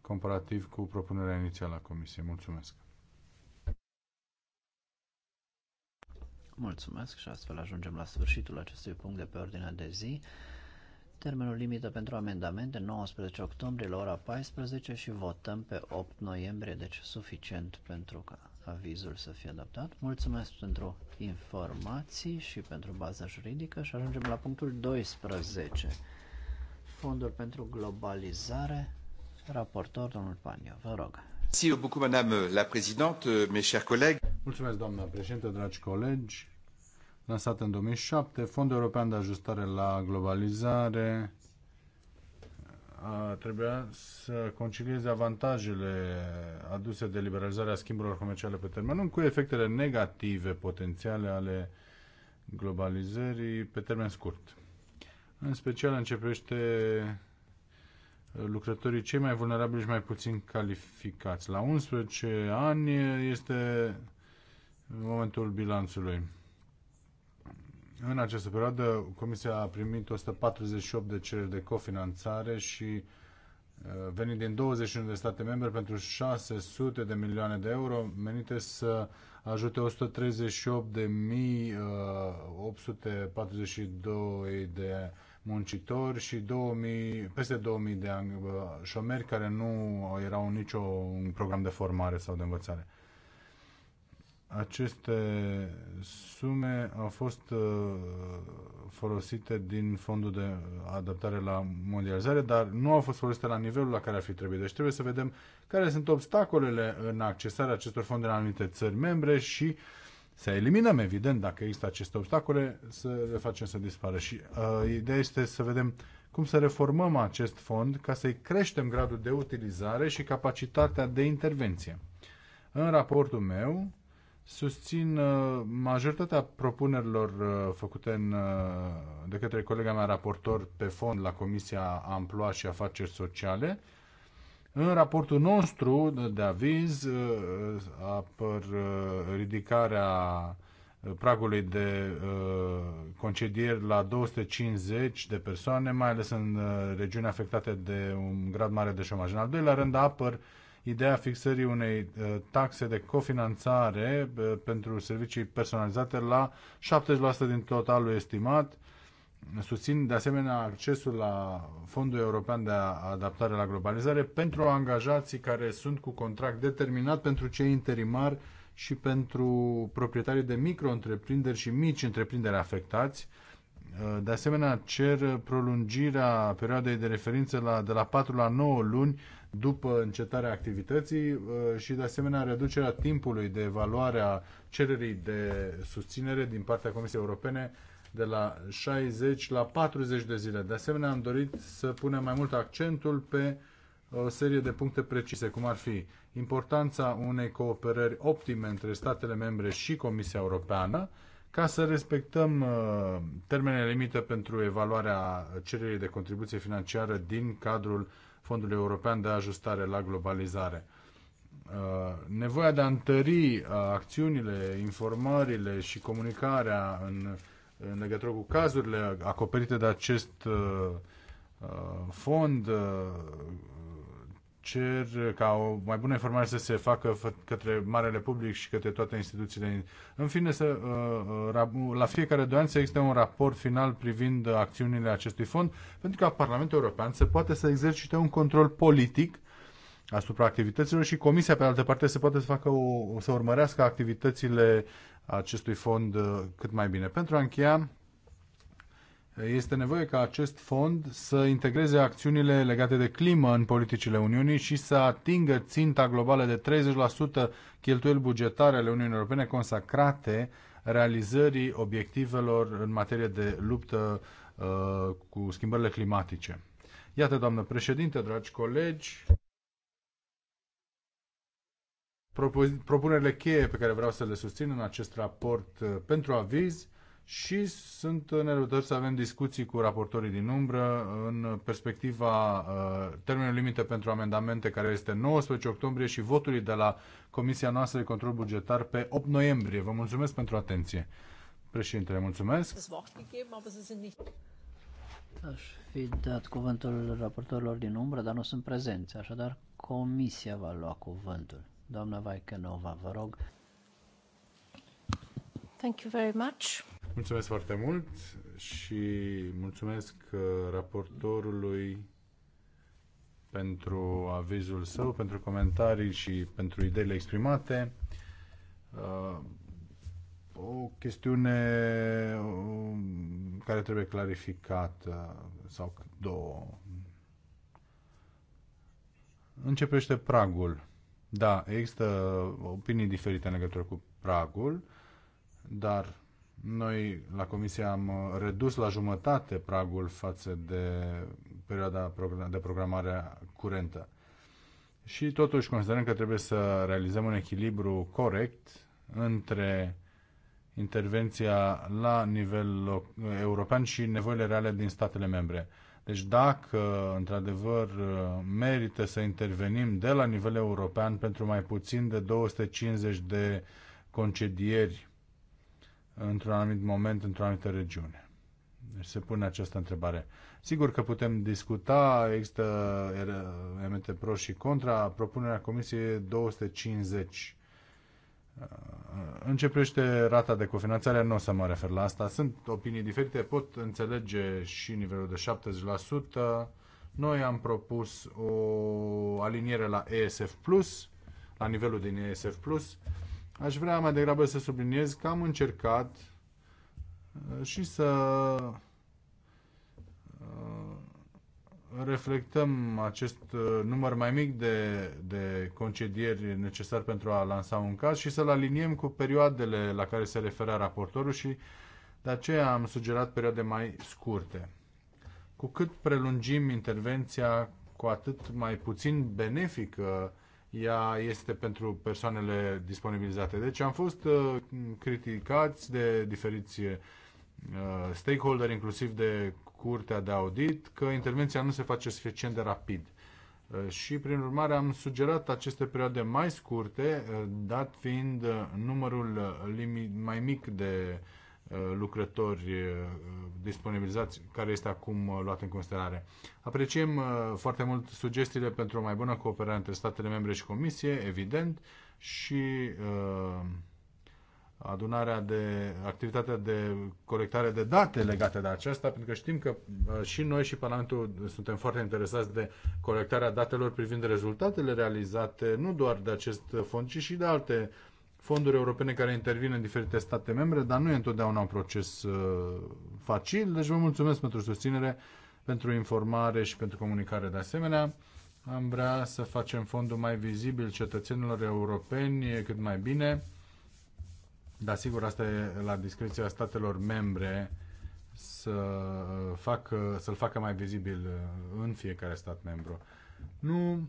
comparativ cu propunerea inițială a Comisiei. Mulțumesc! Mulțumesc și astfel ajungem la sfârșitul acestui punct de pe ordinea de zi. Termenul limită pentru amendamente 19 octombrie la ora 14 și votăm pe 8 noiembrie, deci suficient pentru ca avizul să fie adaptat. Mulțumesc pentru informații și pentru baza juridică și ajungem la punctul 12. Fondul pentru globalizare, raportor domnul Pania. Vă rog. Mulțumesc, doamna președinte, dragi colegi. Lansat în 2007, Fondul European de Ajustare la Globalizare trebuia să concilieze avantajele aduse de liberalizarea schimburilor comerciale pe termen lung cu efectele negative potențiale ale globalizării pe termen scurt. În special începește uh, lucrătorii cei mai vulnerabili și mai puțin calificați. La 11 ani este momentul bilanțului. În această perioadă, Comisia a primit 148 de cereri de cofinanțare și uh, venit din 21 de state membre pentru 600 de milioane de euro, menite să ajute 138.842 de uh, de muncitori și 2000, peste 2000 de uh, șomeri care nu erau nicio un program de formare sau de învățare aceste sume au fost uh, folosite din fondul de adaptare la mondializare, dar nu au fost folosite la nivelul la care ar fi trebuit. Deci trebuie să vedem care sunt obstacolele în accesarea acestor fonduri în anumite țări membre și să eliminăm, evident, dacă există aceste obstacole, să le facem să dispară. Și uh, ideea este să vedem cum să reformăm acest fond ca să-i creștem gradul de utilizare și capacitatea de intervenție. În raportul meu, susțin uh, majoritatea propunerilor uh, făcute în, uh, de către colega mea raportor pe fond la Comisia Amploa și Afaceri Sociale. În raportul nostru de aviz apăr ridicarea pragului de concedieri la 250 de persoane, mai ales în regiuni afectate de un grad mare de șomaj. În al doilea rând apăr ideea fixării unei uh, taxe de cofinanțare uh, pentru servicii personalizate la 70% din totalul estimat. Susțin de asemenea accesul la Fondul European de Adaptare la Globalizare pentru angajații care sunt cu contract determinat pentru cei interimari și pentru proprietarii de micro-întreprinderi și mici întreprinderi afectați. Uh, de asemenea, cer prolungirea perioadei de referință la, de la 4 la 9 luni după încetarea activității uh, și de asemenea reducerea timpului de evaluare a cererii de susținere din partea Comisiei Europene de la 60 la 40 de zile. De asemenea, am dorit să punem mai mult accentul pe uh, o serie de puncte precise, cum ar fi importanța unei cooperări optime între statele membre și Comisia Europeană, ca să respectăm uh, termenele limită pentru evaluarea cererii de contribuție financiară din cadrul Fondului European de Ajustare la Globalizare. Uh, nevoia de a întări uh, acțiunile, informările și comunicarea în, în legătură cu cazurile acoperite de acest uh, fond, cer ca o mai bună informare să se facă către marele public și către toate instituțiile. În fine, să, uh, uh, la fiecare doi ani să existe un raport final privind acțiunile acestui fond, pentru ca Parlamentul European să poate să exercite un control politic asupra activităților și Comisia, pe de altă parte, să poate să, facă o, să urmărească activitățile acestui fond uh, cât mai bine. Pentru a încheia, este nevoie ca acest fond să integreze acțiunile legate de climă în politicile Uniunii și să atingă ținta globală de 30% cheltuieli bugetare ale Uniunii Europene consacrate realizării obiectivelor în materie de luptă uh, cu schimbările climatice. Iată, doamnă președinte, dragi colegi, propunerile cheie pe care vreau să le susțin în acest raport uh, pentru aviz și sunt nerăbdător să avem discuții cu raportorii din umbră în perspectiva uh, termenului limite pentru amendamente care este 19 octombrie și votului de la Comisia noastră de control bugetar pe 8 noiembrie. Vă mulțumesc pentru atenție. Președintele, mulțumesc. Aș fi dat cuvântul raportorilor din umbră, dar nu sunt prezenți, așadar Comisia va lua cuvântul. Doamna Vaikenova, vă rog. Thank you very much. Mulțumesc foarte mult și mulțumesc uh, raportorului pentru avizul său, pentru comentarii și pentru ideile exprimate. Uh, o chestiune uh, care trebuie clarificată sau două. Începește pragul. Da, există opinii diferite în legătură cu pragul, dar noi la Comisie am uh, redus la jumătate pragul față de perioada de programare curentă. Și totuși considerăm că trebuie să realizăm un echilibru corect între intervenția la nivel european și nevoile reale din statele membre. Deci dacă, într-adevăr, uh, merită să intervenim de la nivel european pentru mai puțin de 250 de concedieri într-un anumit moment, într-o anumită regiune. Deci se pune această întrebare. Sigur că putem discuta, există elemente pro și contra, propunerea Comisiei 250. Uh, începește rata de cofinanțare, nu o să mă refer la asta. Sunt opinii diferite, pot înțelege și nivelul de 70%. Noi am propus o aliniere la ESF+, la nivelul din ESF+, Aș vrea mai degrabă să subliniez că am încercat uh, și să uh, reflectăm acest uh, număr mai mic de, de concedieri necesar pentru a lansa un caz și să-l aliniem cu perioadele la care se referea raportorul și de aceea am sugerat perioade mai scurte. Cu cât prelungim intervenția, cu atât mai puțin benefică ea este pentru persoanele disponibilizate. Deci am fost uh, criticați de diferiți uh, stakeholder, inclusiv de curtea de audit, că intervenția nu se face suficient de rapid. Uh, și, prin urmare, am sugerat aceste perioade mai scurte, uh, dat fiind uh, numărul uh, mai mic de Uh, lucrători uh, disponibilizați, care este acum uh, luat în considerare. Apreciem foarte mult sugestiile pentru o mai bună cooperare între statele membre și Comisie, evident, și adunarea de activitatea de colectare de date legate de aceasta, pentru că știm că și noi și Parlamentul suntem foarte interesați de colectarea datelor privind rezultatele realizate nu doar de acest fond, ci și de alte uh, fonduri europene care intervin în diferite state membre, dar nu e întotdeauna un proces uh, facil. Deci vă mulțumesc pentru susținere, pentru informare și pentru comunicare de asemenea. Am vrea să facem fondul mai vizibil cetățenilor europeni cât mai bine. Dar sigur, asta e la discreția statelor membre să uh, facă, să-l facă mai vizibil uh, în fiecare stat membru. Nu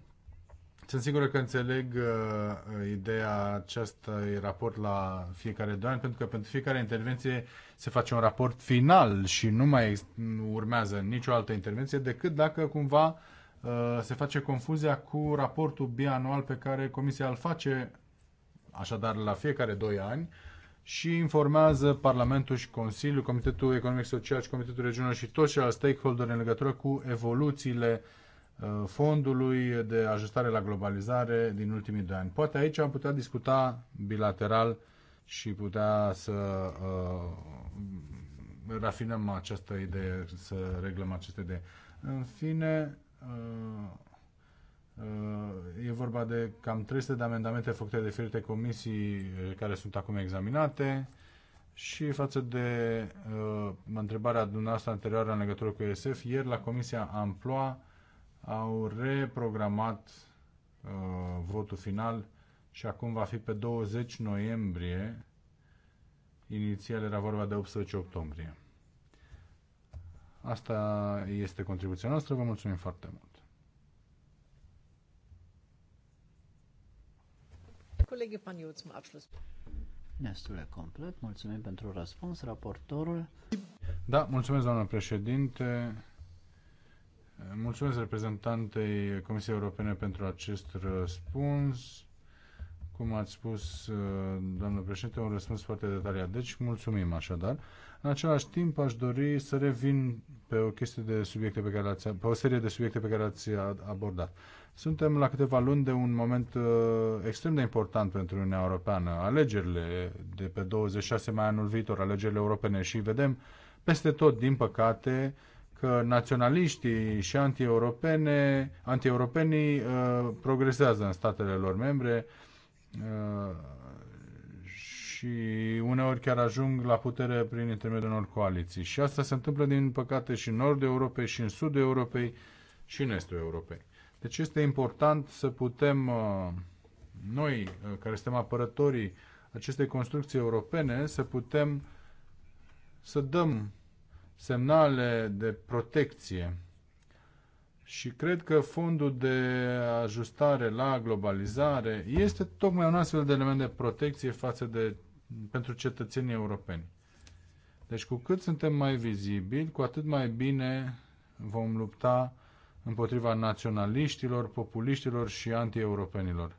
sunt sigură că înțeleg uh, uh ideea acestui raport la fiecare doi ani, pentru că pentru fiecare intervenție se face un raport final și nu mai urmează nicio altă intervenție decât dacă cumva uh, se face confuzia cu raportul bianual pe care Comisia îl face așadar la fiecare doi ani și informează Parlamentul și Consiliul, Comitetul Economic Social și Comitetul Regional și toți ceilalți stakeholder în legătură cu evoluțiile uh, fondului de ajustare la globalizare din ultimii doi ani. Poate aici am putea discuta bilateral și putea să uh, rafinăm această idee, să reglăm aceste idee. În fine, uh, uh, e vorba de cam 300 de amendamente făcute de diferite comisii uh, care sunt acum examinate și față de uh, întrebarea dumneavoastră anterioară în legătură cu ESF, ieri la Comisia Amploa au reprogramat uh, votul final și acum va fi pe 20 noiembrie. Inițial era vorba de 18 octombrie. Asta este contribuția noastră. Vă mulțumim foarte mult. Colegii Paniu, zum Abschluss. Destul de complet. Mulțumim pentru răspuns, raportorul. Da, mulțumesc, doamnă președinte. Mulțumesc reprezentantei Comisiei Europene pentru acest răspuns. Cum ați spus, uh, doamnă președinte, un răspuns foarte detaliat. Deci, mulțumim așadar. În același timp, aș dori să revin pe o chestie de subiecte pe care ați, pe o serie de subiecte pe care ați abordat. Suntem la câteva luni de un moment uh, extrem de important pentru Uniunea Europeană, alegerile de pe 26 mai anul viitor, alegerile europene și vedem peste tot, din păcate, uh, că naționaliștii și anti-europene, anti-europenii uh, progresează în statele lor membre uh, și uneori chiar ajung la putere prin intermediul unor coaliții. Și asta se întâmplă, din păcate, și în nordul Europei, și în sudul Europei, și în estul Europei. Deci este important să putem, uh, noi uh, care suntem apărătorii acestei construcții europene, să putem să dăm semnale de protecție. Și cred că fondul de ajustare la globalizare este tocmai un astfel de element de protecție față de, pentru cetățenii europeni. Deci cu cât suntem mai vizibili, cu atât mai bine vom lupta împotriva naționaliștilor, populiștilor și antieuropenilor.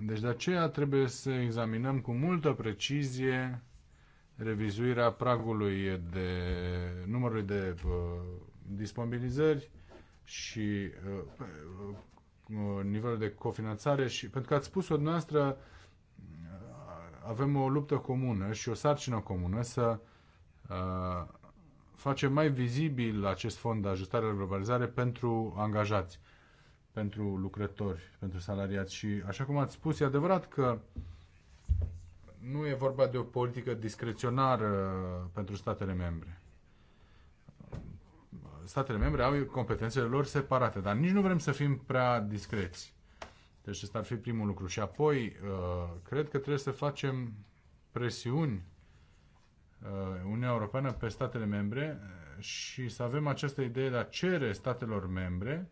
Deci de aceea trebuie să examinăm cu multă precizie revizuirea pragului de numărului de uh, disponibilizări și uh, uh, nivelul de cofinanțare și pentru că ați spus-o dumneavoastră uh, avem o luptă comună și o sarcină comună să uh, facem mai vizibil acest fond de ajustare la globalizare pentru angajați, pentru lucrători, pentru salariați și așa cum ați spus, e adevărat că uh, nu e vorba de o politică discreționară uh, pentru statele membre. Statele membre au competențele lor separate, dar nici nu vrem să fim prea discreți. Deci ăsta ar fi primul lucru. Și apoi, uh, cred că trebuie să facem presiuni uh, Uniunea Europeană pe statele membre și să avem această idee de a cere statelor membre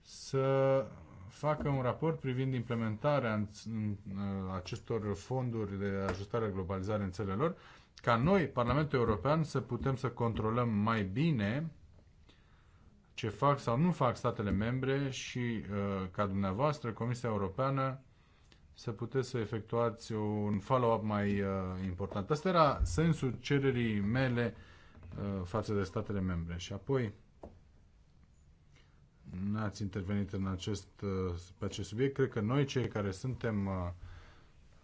să facă un raport privind implementarea în, în, uh, acestor fonduri de ajustare globalizare în țările lor, ca noi, Parlamentul European, să putem să controlăm mai bine ce fac sau nu fac statele membre și uh, ca dumneavoastră, Comisia Europeană, să puteți să efectuați un follow-up mai uh, important. Asta era sensul cererii mele uh, față de statele membre. Și apoi, n-ați intervenit în acest, uh, pe acest subiect. Cred că noi, cei care suntem, uh,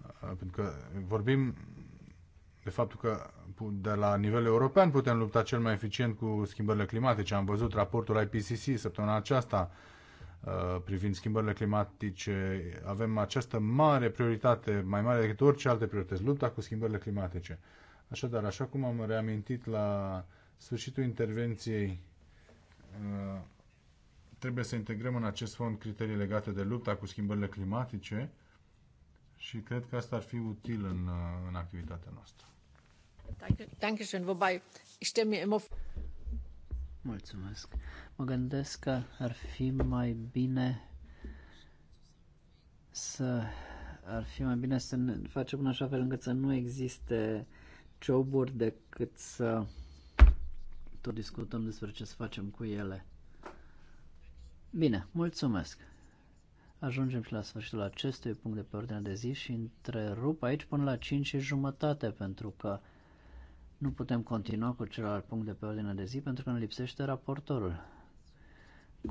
uh, pentru că vorbim de faptul că de la nivel european putem lupta cel mai eficient cu schimbările climatice. Am văzut raportul IPCC săptămâna aceasta privind schimbările climatice. Avem această mare prioritate, mai mare decât orice alte priorități, lupta cu schimbările climatice. Așadar, așa cum am reamintit la sfârșitul intervenției Trebuie să integrăm în acest fond criterii legate de lupta cu schimbările climatice și cred că asta ar fi util în, uh, în activitatea noastră. Mulțumesc. Mă gândesc că ar fi mai bine să ar fi mai bine să ne facem în așa fel încât să nu existe joburi decât să tot discutăm despre ce să facem cu ele. Bine, mulțumesc. Ajungem și la sfârșitul acestui punct de pe ordinea de zi și întrerup aici până la 5 și jumătate pentru că nu putem continua cu celălalt punct de pe ordinea de zi pentru că ne lipsește raportorul.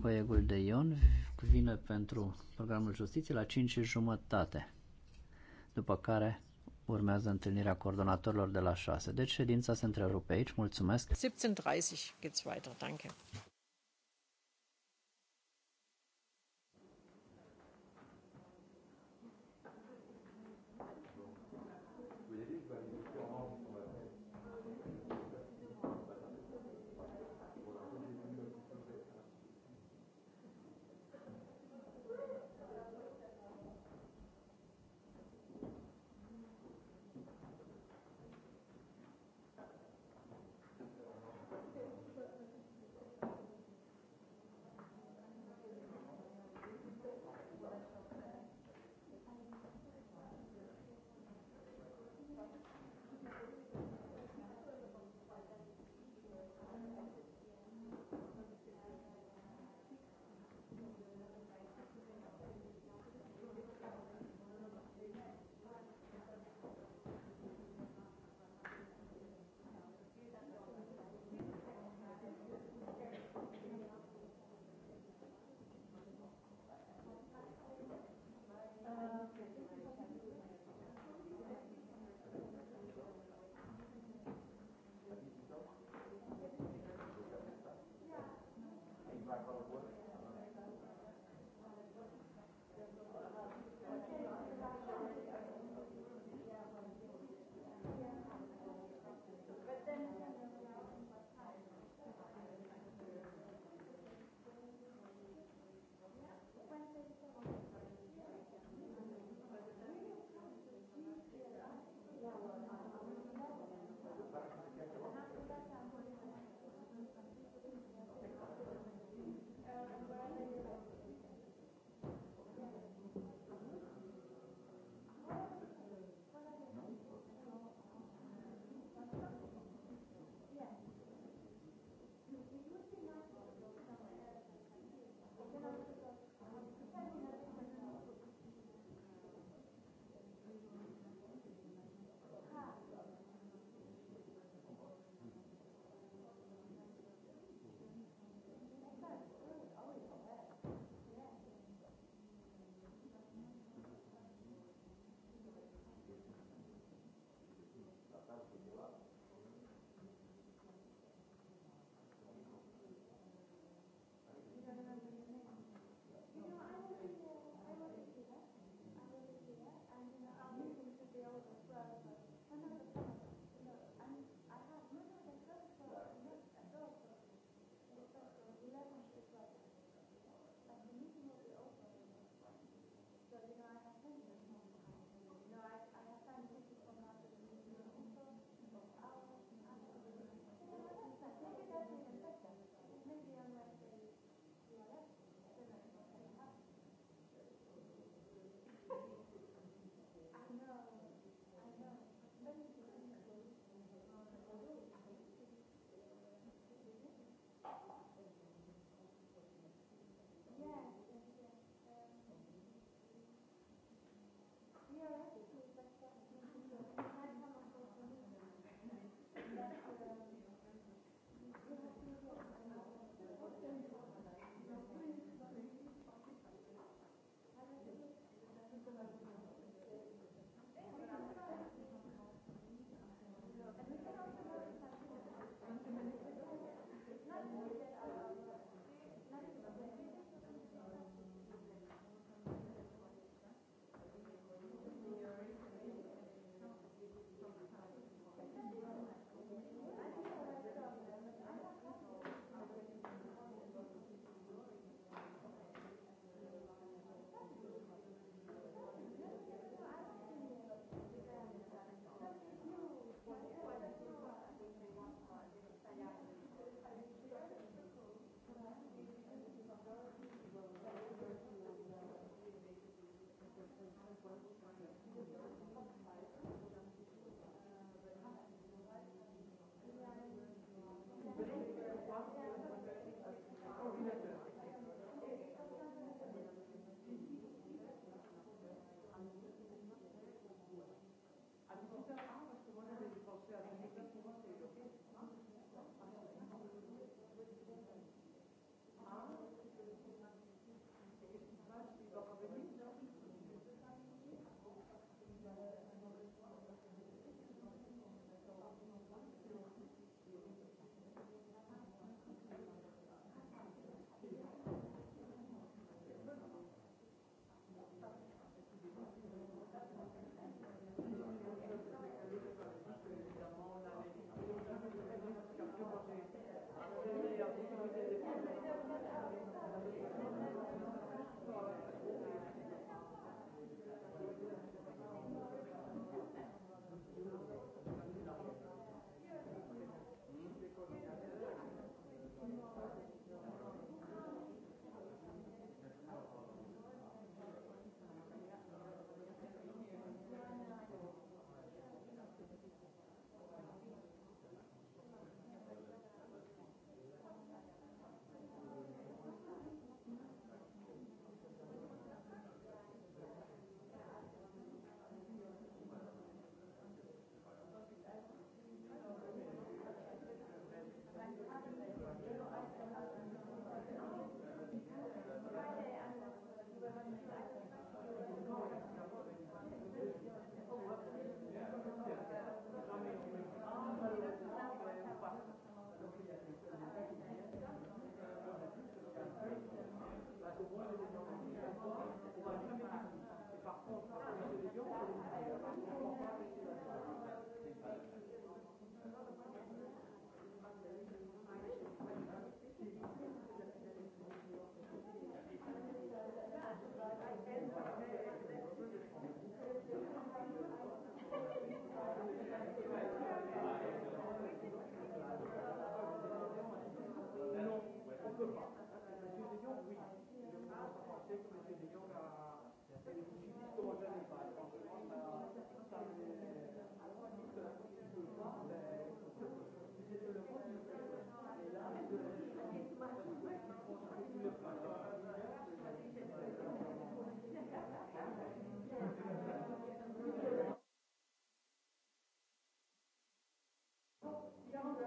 Colegul de Ion vine pentru programul justiție la 5 și jumătate, după care urmează întâlnirea coordonatorilor de la 6. Deci ședința se întrerupe aici. Mulțumesc. 17.30 geht's weiter. Danke.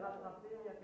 rattraper, il y a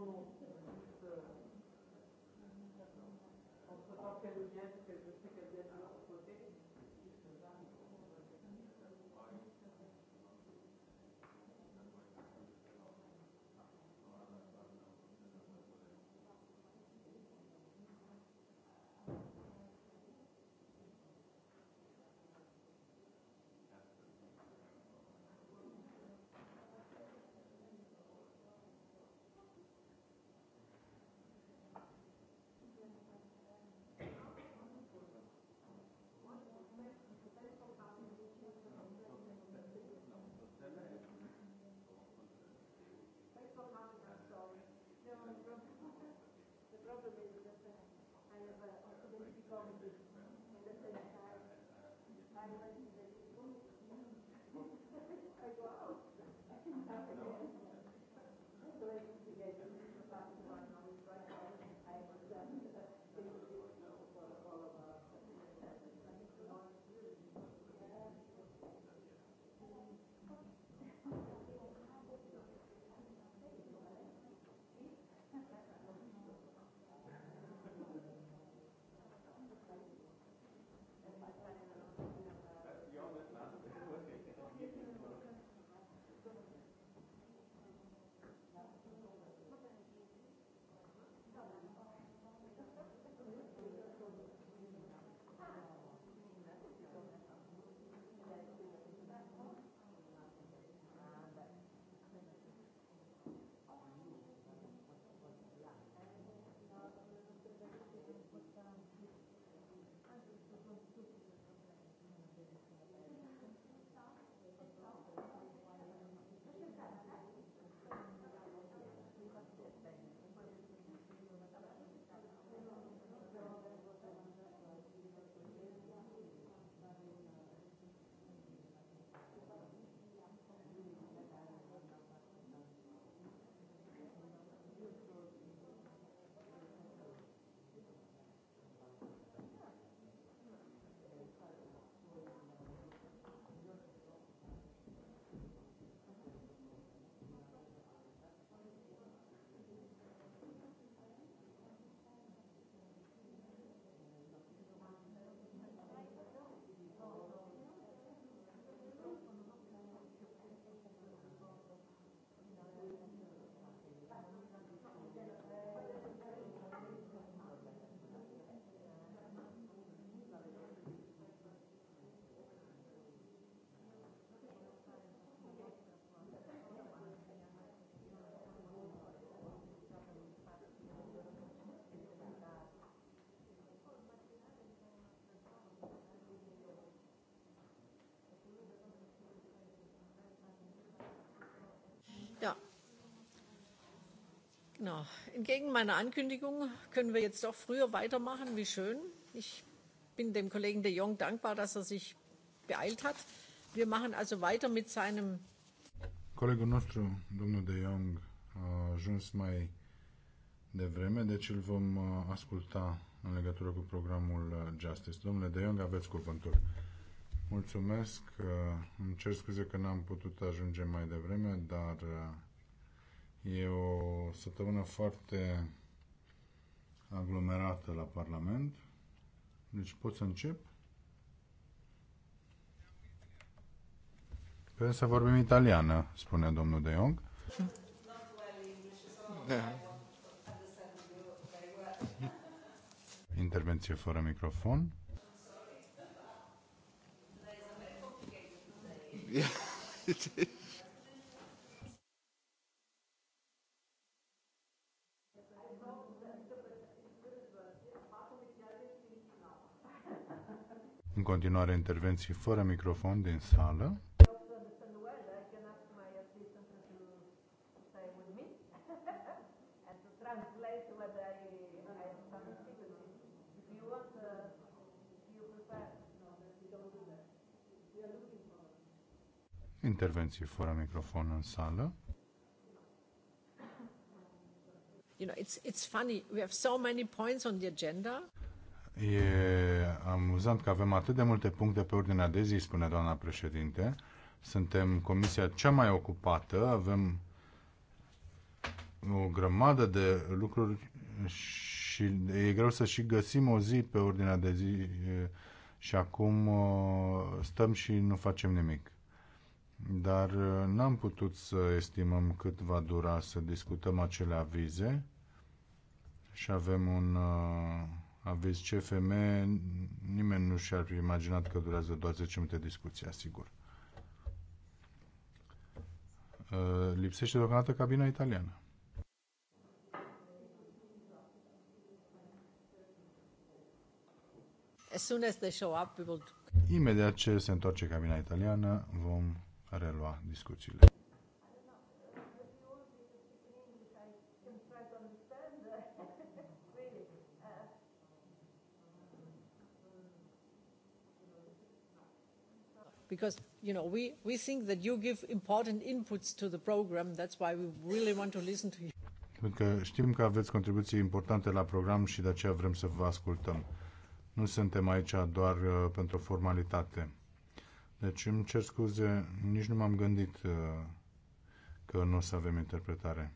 acolo Doamne, Na, entgegen meiner Ankündigung können wir jetzt doch früher weitermachen. Wie schön. Ich bin dem Kollegen de Jong dankbar, dass er sich beeilt hat. Wir machen also weiter mit seinem. Kollege nostru, domnul de Jong, a ajuns mai devreme, deci îl vom uh, asculta în legătură cu programul uh, Justice. Domnule de Jong, aveți cuvântul. Mulțumesc. Uh, îmi cer scuze că n-am putut ajunge mai devreme, dar E o săptămână foarte aglomerată la Parlament. Deci pot să încep. Trebuie să vorbim italiană, spune domnul De Jong. Da. Intervenție fără microfon. Yeah. (laughs) continuare intervenții fără microfon din sală. Intervenții fără microfon în sală. You know, it's, it's funny. We have so many points on the agenda. E amuzant că avem atât de multe puncte pe ordinea de zi, spune doamna președinte. Suntem comisia cea mai ocupată, avem o grămadă de lucruri și e greu să și găsim o zi pe ordinea de zi și acum stăm și nu facem nimic. Dar n-am putut să estimăm cât va dura să discutăm acele avize și avem un aveți CFM, nimeni nu și-ar fi imaginat că durează doar 10 minute discuția, sigur. Uh, lipsește deocamdată cabina italiană. As soon as they show up, we will... Imediat ce se întoarce cabina italiană, vom relua discuțiile. because you know we, we think that you give important inputs to the program. That's why we really want to listen to you. Pentru că știm că aveți contribuții importante la program și de aceea vrem să vă ascultăm. Nu suntem aici doar uh, pentru formalitate. Deci îmi cer scuze, nici nu m-am gândit uh, că nu o să avem interpretare.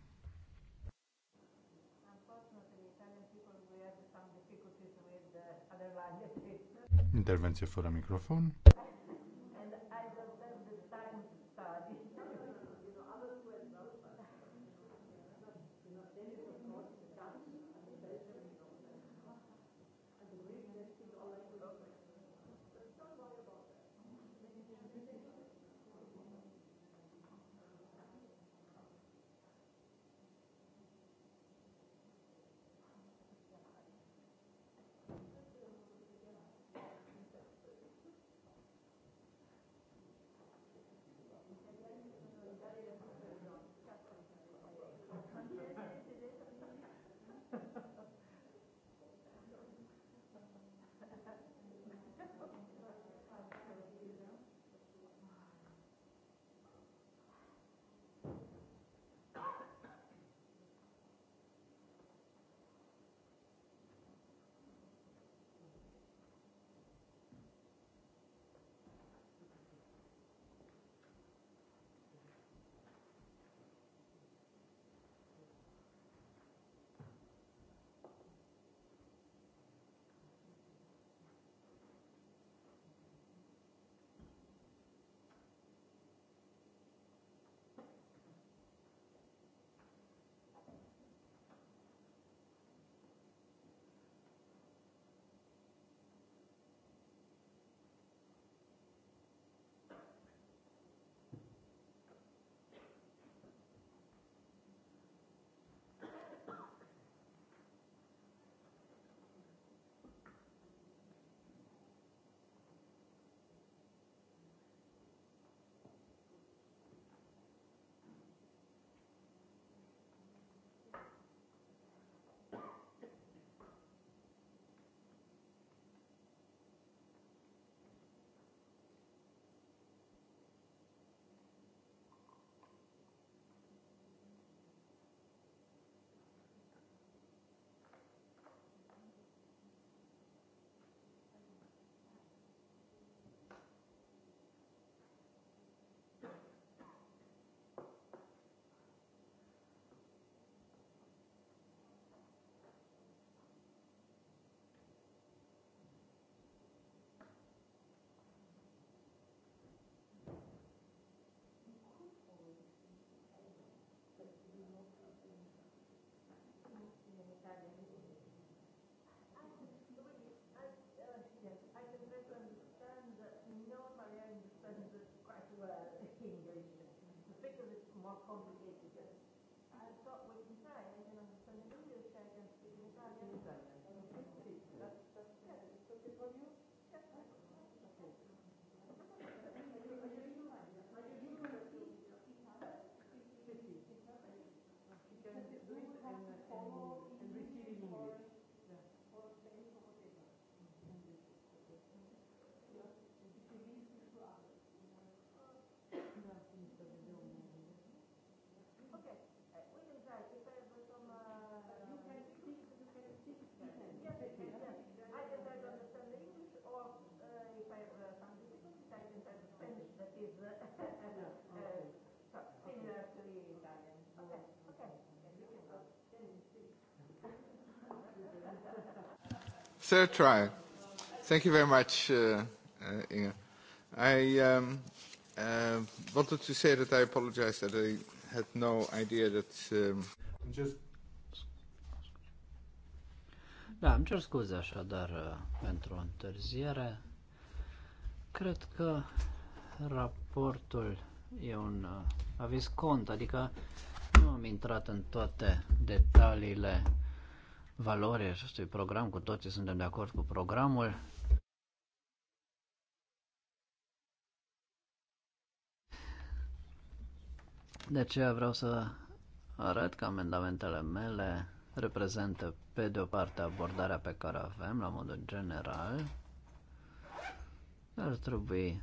Intervenție fără microfon. Third try. Thank you very much, uh, uh, Inge. I um, uh, wanted to say that I apologize that I had no idea that... Um... Da, îmi cer scuze așadar uh, pentru întârziere. Cred că raportul e un uh, aviz cont, adică nu am intrat în toate detaliile valorii acestui program. Cu toții suntem de acord cu programul. De aceea vreau să arăt că amendamentele mele reprezintă pe de o parte abordarea pe care o avem la modul general. Ar trebui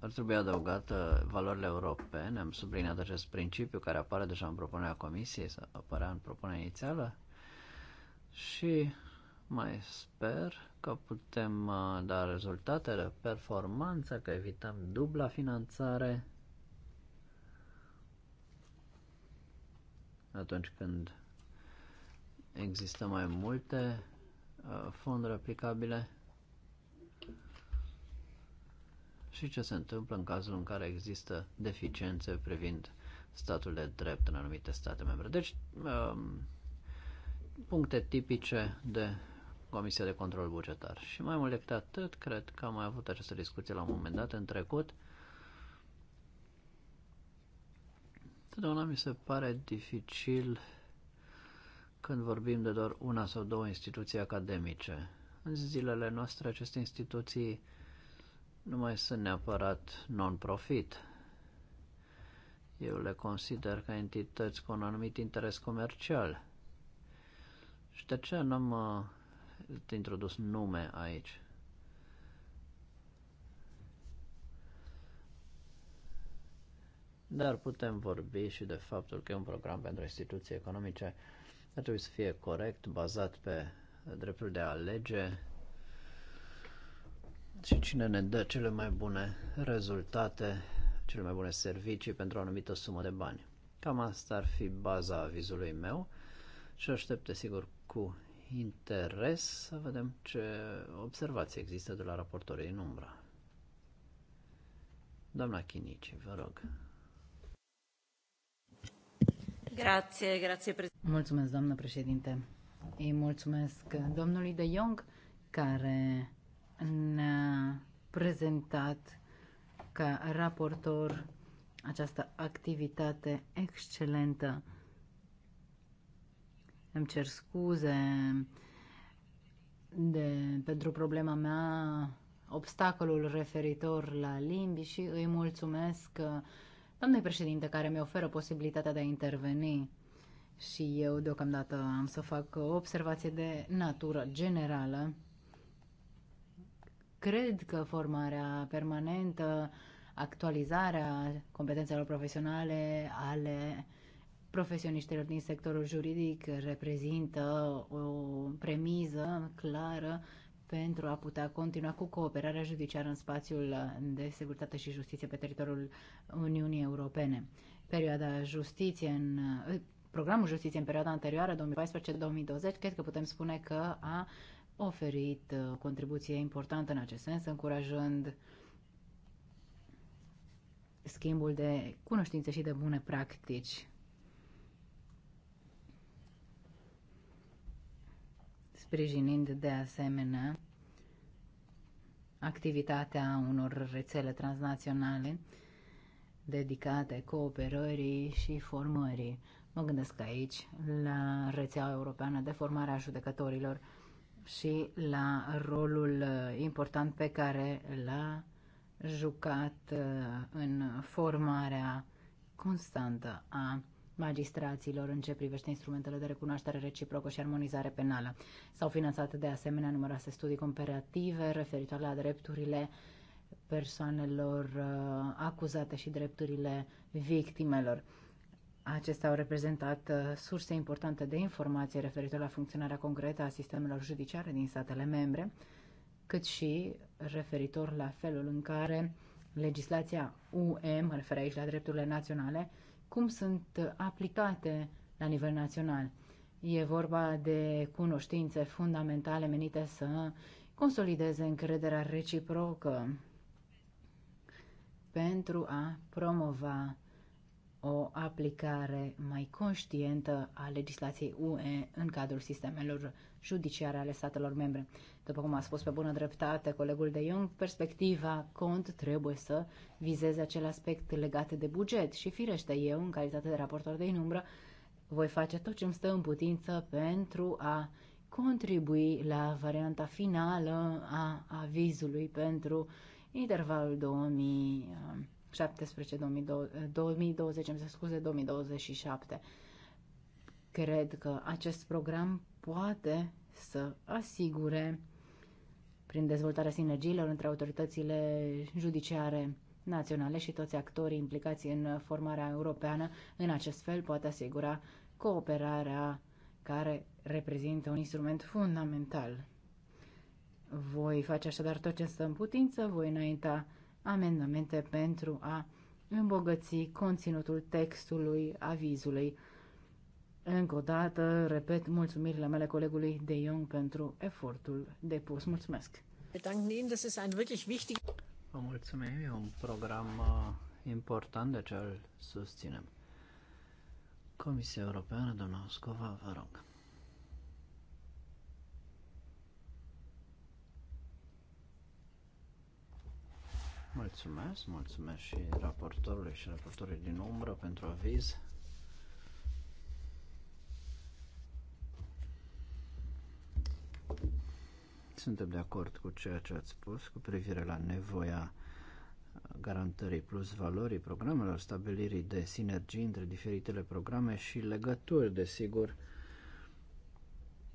ar trebui adăugată valorile europene, am subliniat acest principiu care apare deja în propunerea comisiei, să apărea în propunerea inițială și mai sper că putem uh, da rezultatele, performanța, că evităm dubla finanțare atunci când există mai multe uh, fonduri aplicabile și ce se întâmplă în cazul în care există deficiențe privind statul de drept în anumite state membre. Deci, um, puncte tipice de Comisia de Control Bugetar. Și mai mult decât atât, cred că am mai avut această discuție la un moment dat în trecut. Totdeauna mi se pare dificil când vorbim de doar una sau două instituții academice. În zilele noastre aceste instituții nu mai sunt neapărat non-profit. Eu le consider ca entități cu un anumit interes comercial. Și de aceea n-am uh, introdus nume aici. Dar putem vorbi și de faptul că e un program pentru instituții economice ar trebui să fie corect, bazat pe dreptul de a alege și cine ne dă cele mai bune rezultate, cele mai bune servicii pentru o anumită sumă de bani. Cam asta ar fi baza avizului meu și aștept, sigur, cu interes să vedem ce observații există de la raportorii în umbră. Doamna Chinici, vă rog. Grație, grație. Mulțumesc, doamnă președinte. Îi mulțumesc domnului de Jong care ne-a prezentat ca raportor această activitate excelentă îmi cer scuze de, pentru problema mea, obstacolul referitor la limbi și îi mulțumesc uh, doamnei președinte care mi oferă posibilitatea de a interveni. Și eu deocamdată am să fac o observație de natură generală. Cred că formarea permanentă, actualizarea competențelor profesionale ale profesioniștilor din sectorul juridic reprezintă o premiză clară pentru a putea continua cu cooperarea judiciară în spațiul de securitate și justiție pe teritoriul Uniunii Europene. Perioada justiție în eh, programul justiție în perioada anterioară, 2014-2020, cred că putem spune că a oferit eh, o contribuție importantă în acest sens, încurajând schimbul de cunoștințe și de bune practici sprijinind de asemenea activitatea unor rețele transnaționale dedicate cooperării și formării. Mă gândesc aici la rețeaua europeană de formare a judecătorilor și la rolul uh, important pe care l-a jucat uh, în formarea constantă a magistraților în ce privește instrumentele de recunoaștere reciprocă și armonizare penală. S-au finanțat de asemenea numeroase studii comparative referitoare la drepturile persoanelor uh, acuzate și drepturile victimelor. Acestea au reprezentat uh, surse importante de informație referitor la funcționarea concretă a sistemelor judiciare din statele membre, cât și referitor la felul în care legislația UE, mă refer aici la drepturile naționale, cum sunt aplicate la nivel național. E vorba de cunoștințe fundamentale menite să consolideze încrederea reciprocă pentru a promova o aplicare mai conștientă a legislației UE în cadrul sistemelor judiciare ale statelor membre. După cum a spus pe bună dreptate colegul de Jung, perspectiva cont trebuie să vizeze acel aspect legat de buget și firește eu, în calitate de raportor de inumbră, voi face tot ce îmi stă în putință pentru a contribui la varianta finală a avizului pentru intervalul 2000 17 2020, 2020 scuze, 2027. Cred că acest program poate să asigure prin dezvoltarea sinergiilor între autoritățile judiciare naționale și toți actorii implicați în formarea europeană, în acest fel poate asigura cooperarea care reprezintă un instrument fundamental. Voi face așadar tot ce stă în putință, voi înainta amendamente pentru a îmbogăți conținutul textului avizului. Încă o dată, repet mulțumirile mele colegului De Jong pentru efortul depus. Mulțumesc! Vă mulțumim, e un program uh, important, de ce îl susținem. Comisia Europeană, doamna Oscova, vă rog. Mulțumesc, mulțumesc și raportorului și raportorului din umbră pentru aviz. Suntem de acord cu ceea ce ați spus cu privire la nevoia garantării plus valorii programelor, stabilirii de sinergii între diferitele programe și legături, desigur,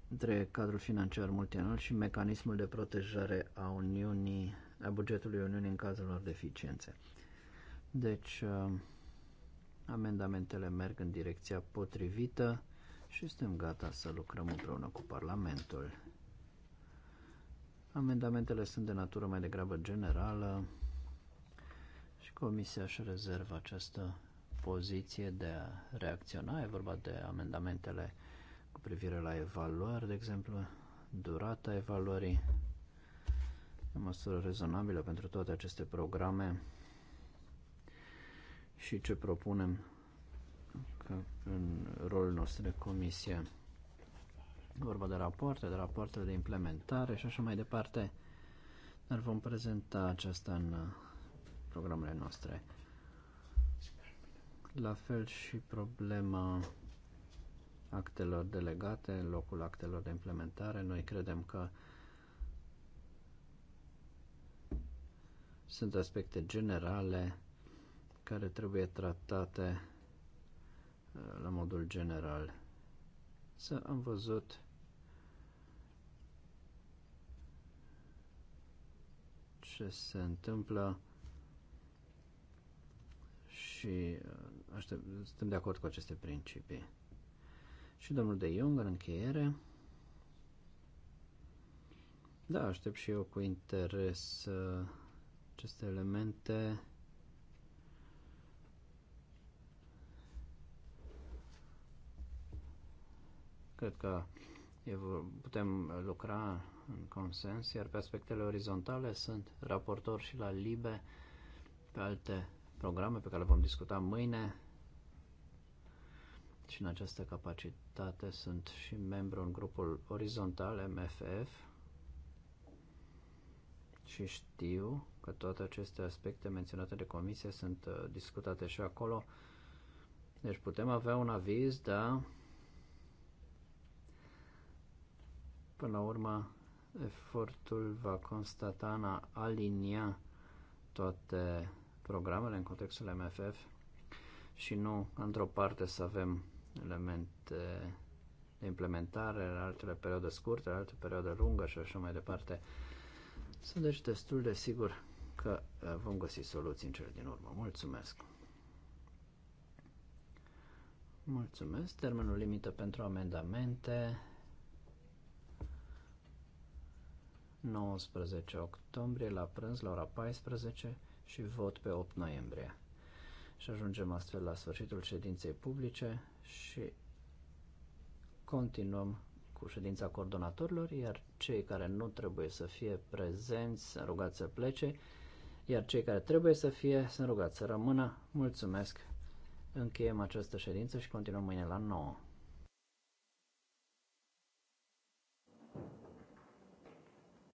între cadrul financiar multianual și mecanismul de protejare a Uniunii a bugetului Uniunii în cazul lor deficiențe. Deci, uh, amendamentele merg în direcția potrivită și suntem gata să lucrăm împreună cu Parlamentul. Amendamentele sunt de natură mai degrabă generală și Comisia își rezervă această poziție de a reacționa. E vorba de amendamentele cu privire la evaluări, de exemplu, durata evaluării, o măsură rezonabilă pentru toate aceste programe și ce propunem că în rolul nostru de comisie. Vorba de rapoarte, de rapoarte de implementare și așa mai departe. Dar vom prezenta aceasta în uh, programele noastre. La fel și problema actelor delegate, locul actelor de implementare. Noi credem că Sunt aspecte generale care trebuie tratate uh, la modul general. Să am văzut ce se întâmplă și uh, aștept, suntem de acord cu aceste principii. Și domnul de Jung, în încheiere, da, aștept și eu cu interes uh, aceste elemente cred că putem lucra în consens, iar pe aspectele orizontale sunt raportor și la LIBE pe alte programe pe care le vom discuta mâine și în această capacitate sunt și membru în grupul orizontal MFF și știu că toate aceste aspecte menționate de comisie sunt uh, discutate și acolo. Deci putem avea un aviz, dar până la urmă efortul va constata în a alinia toate programele în contextul MFF și nu într-o parte să avem elemente de implementare, altele perioade scurte, alte perioade lungă și așa mai departe. Sunt deci destul de sigur că uh, vom găsi soluții în cele din urmă. Mulțumesc! Mulțumesc! Termenul limită pentru amendamente 19 octombrie la prânz la ora 14 și vot pe 8 noiembrie. Și ajungem astfel la sfârșitul ședinței publice și continuăm cu ședința coordonatorilor, iar cei care nu trebuie să fie prezenți sunt rugați să plece, iar cei care trebuie să fie sunt rugați să rămână. Mulțumesc! Încheiem această ședință și continuăm mâine la 9.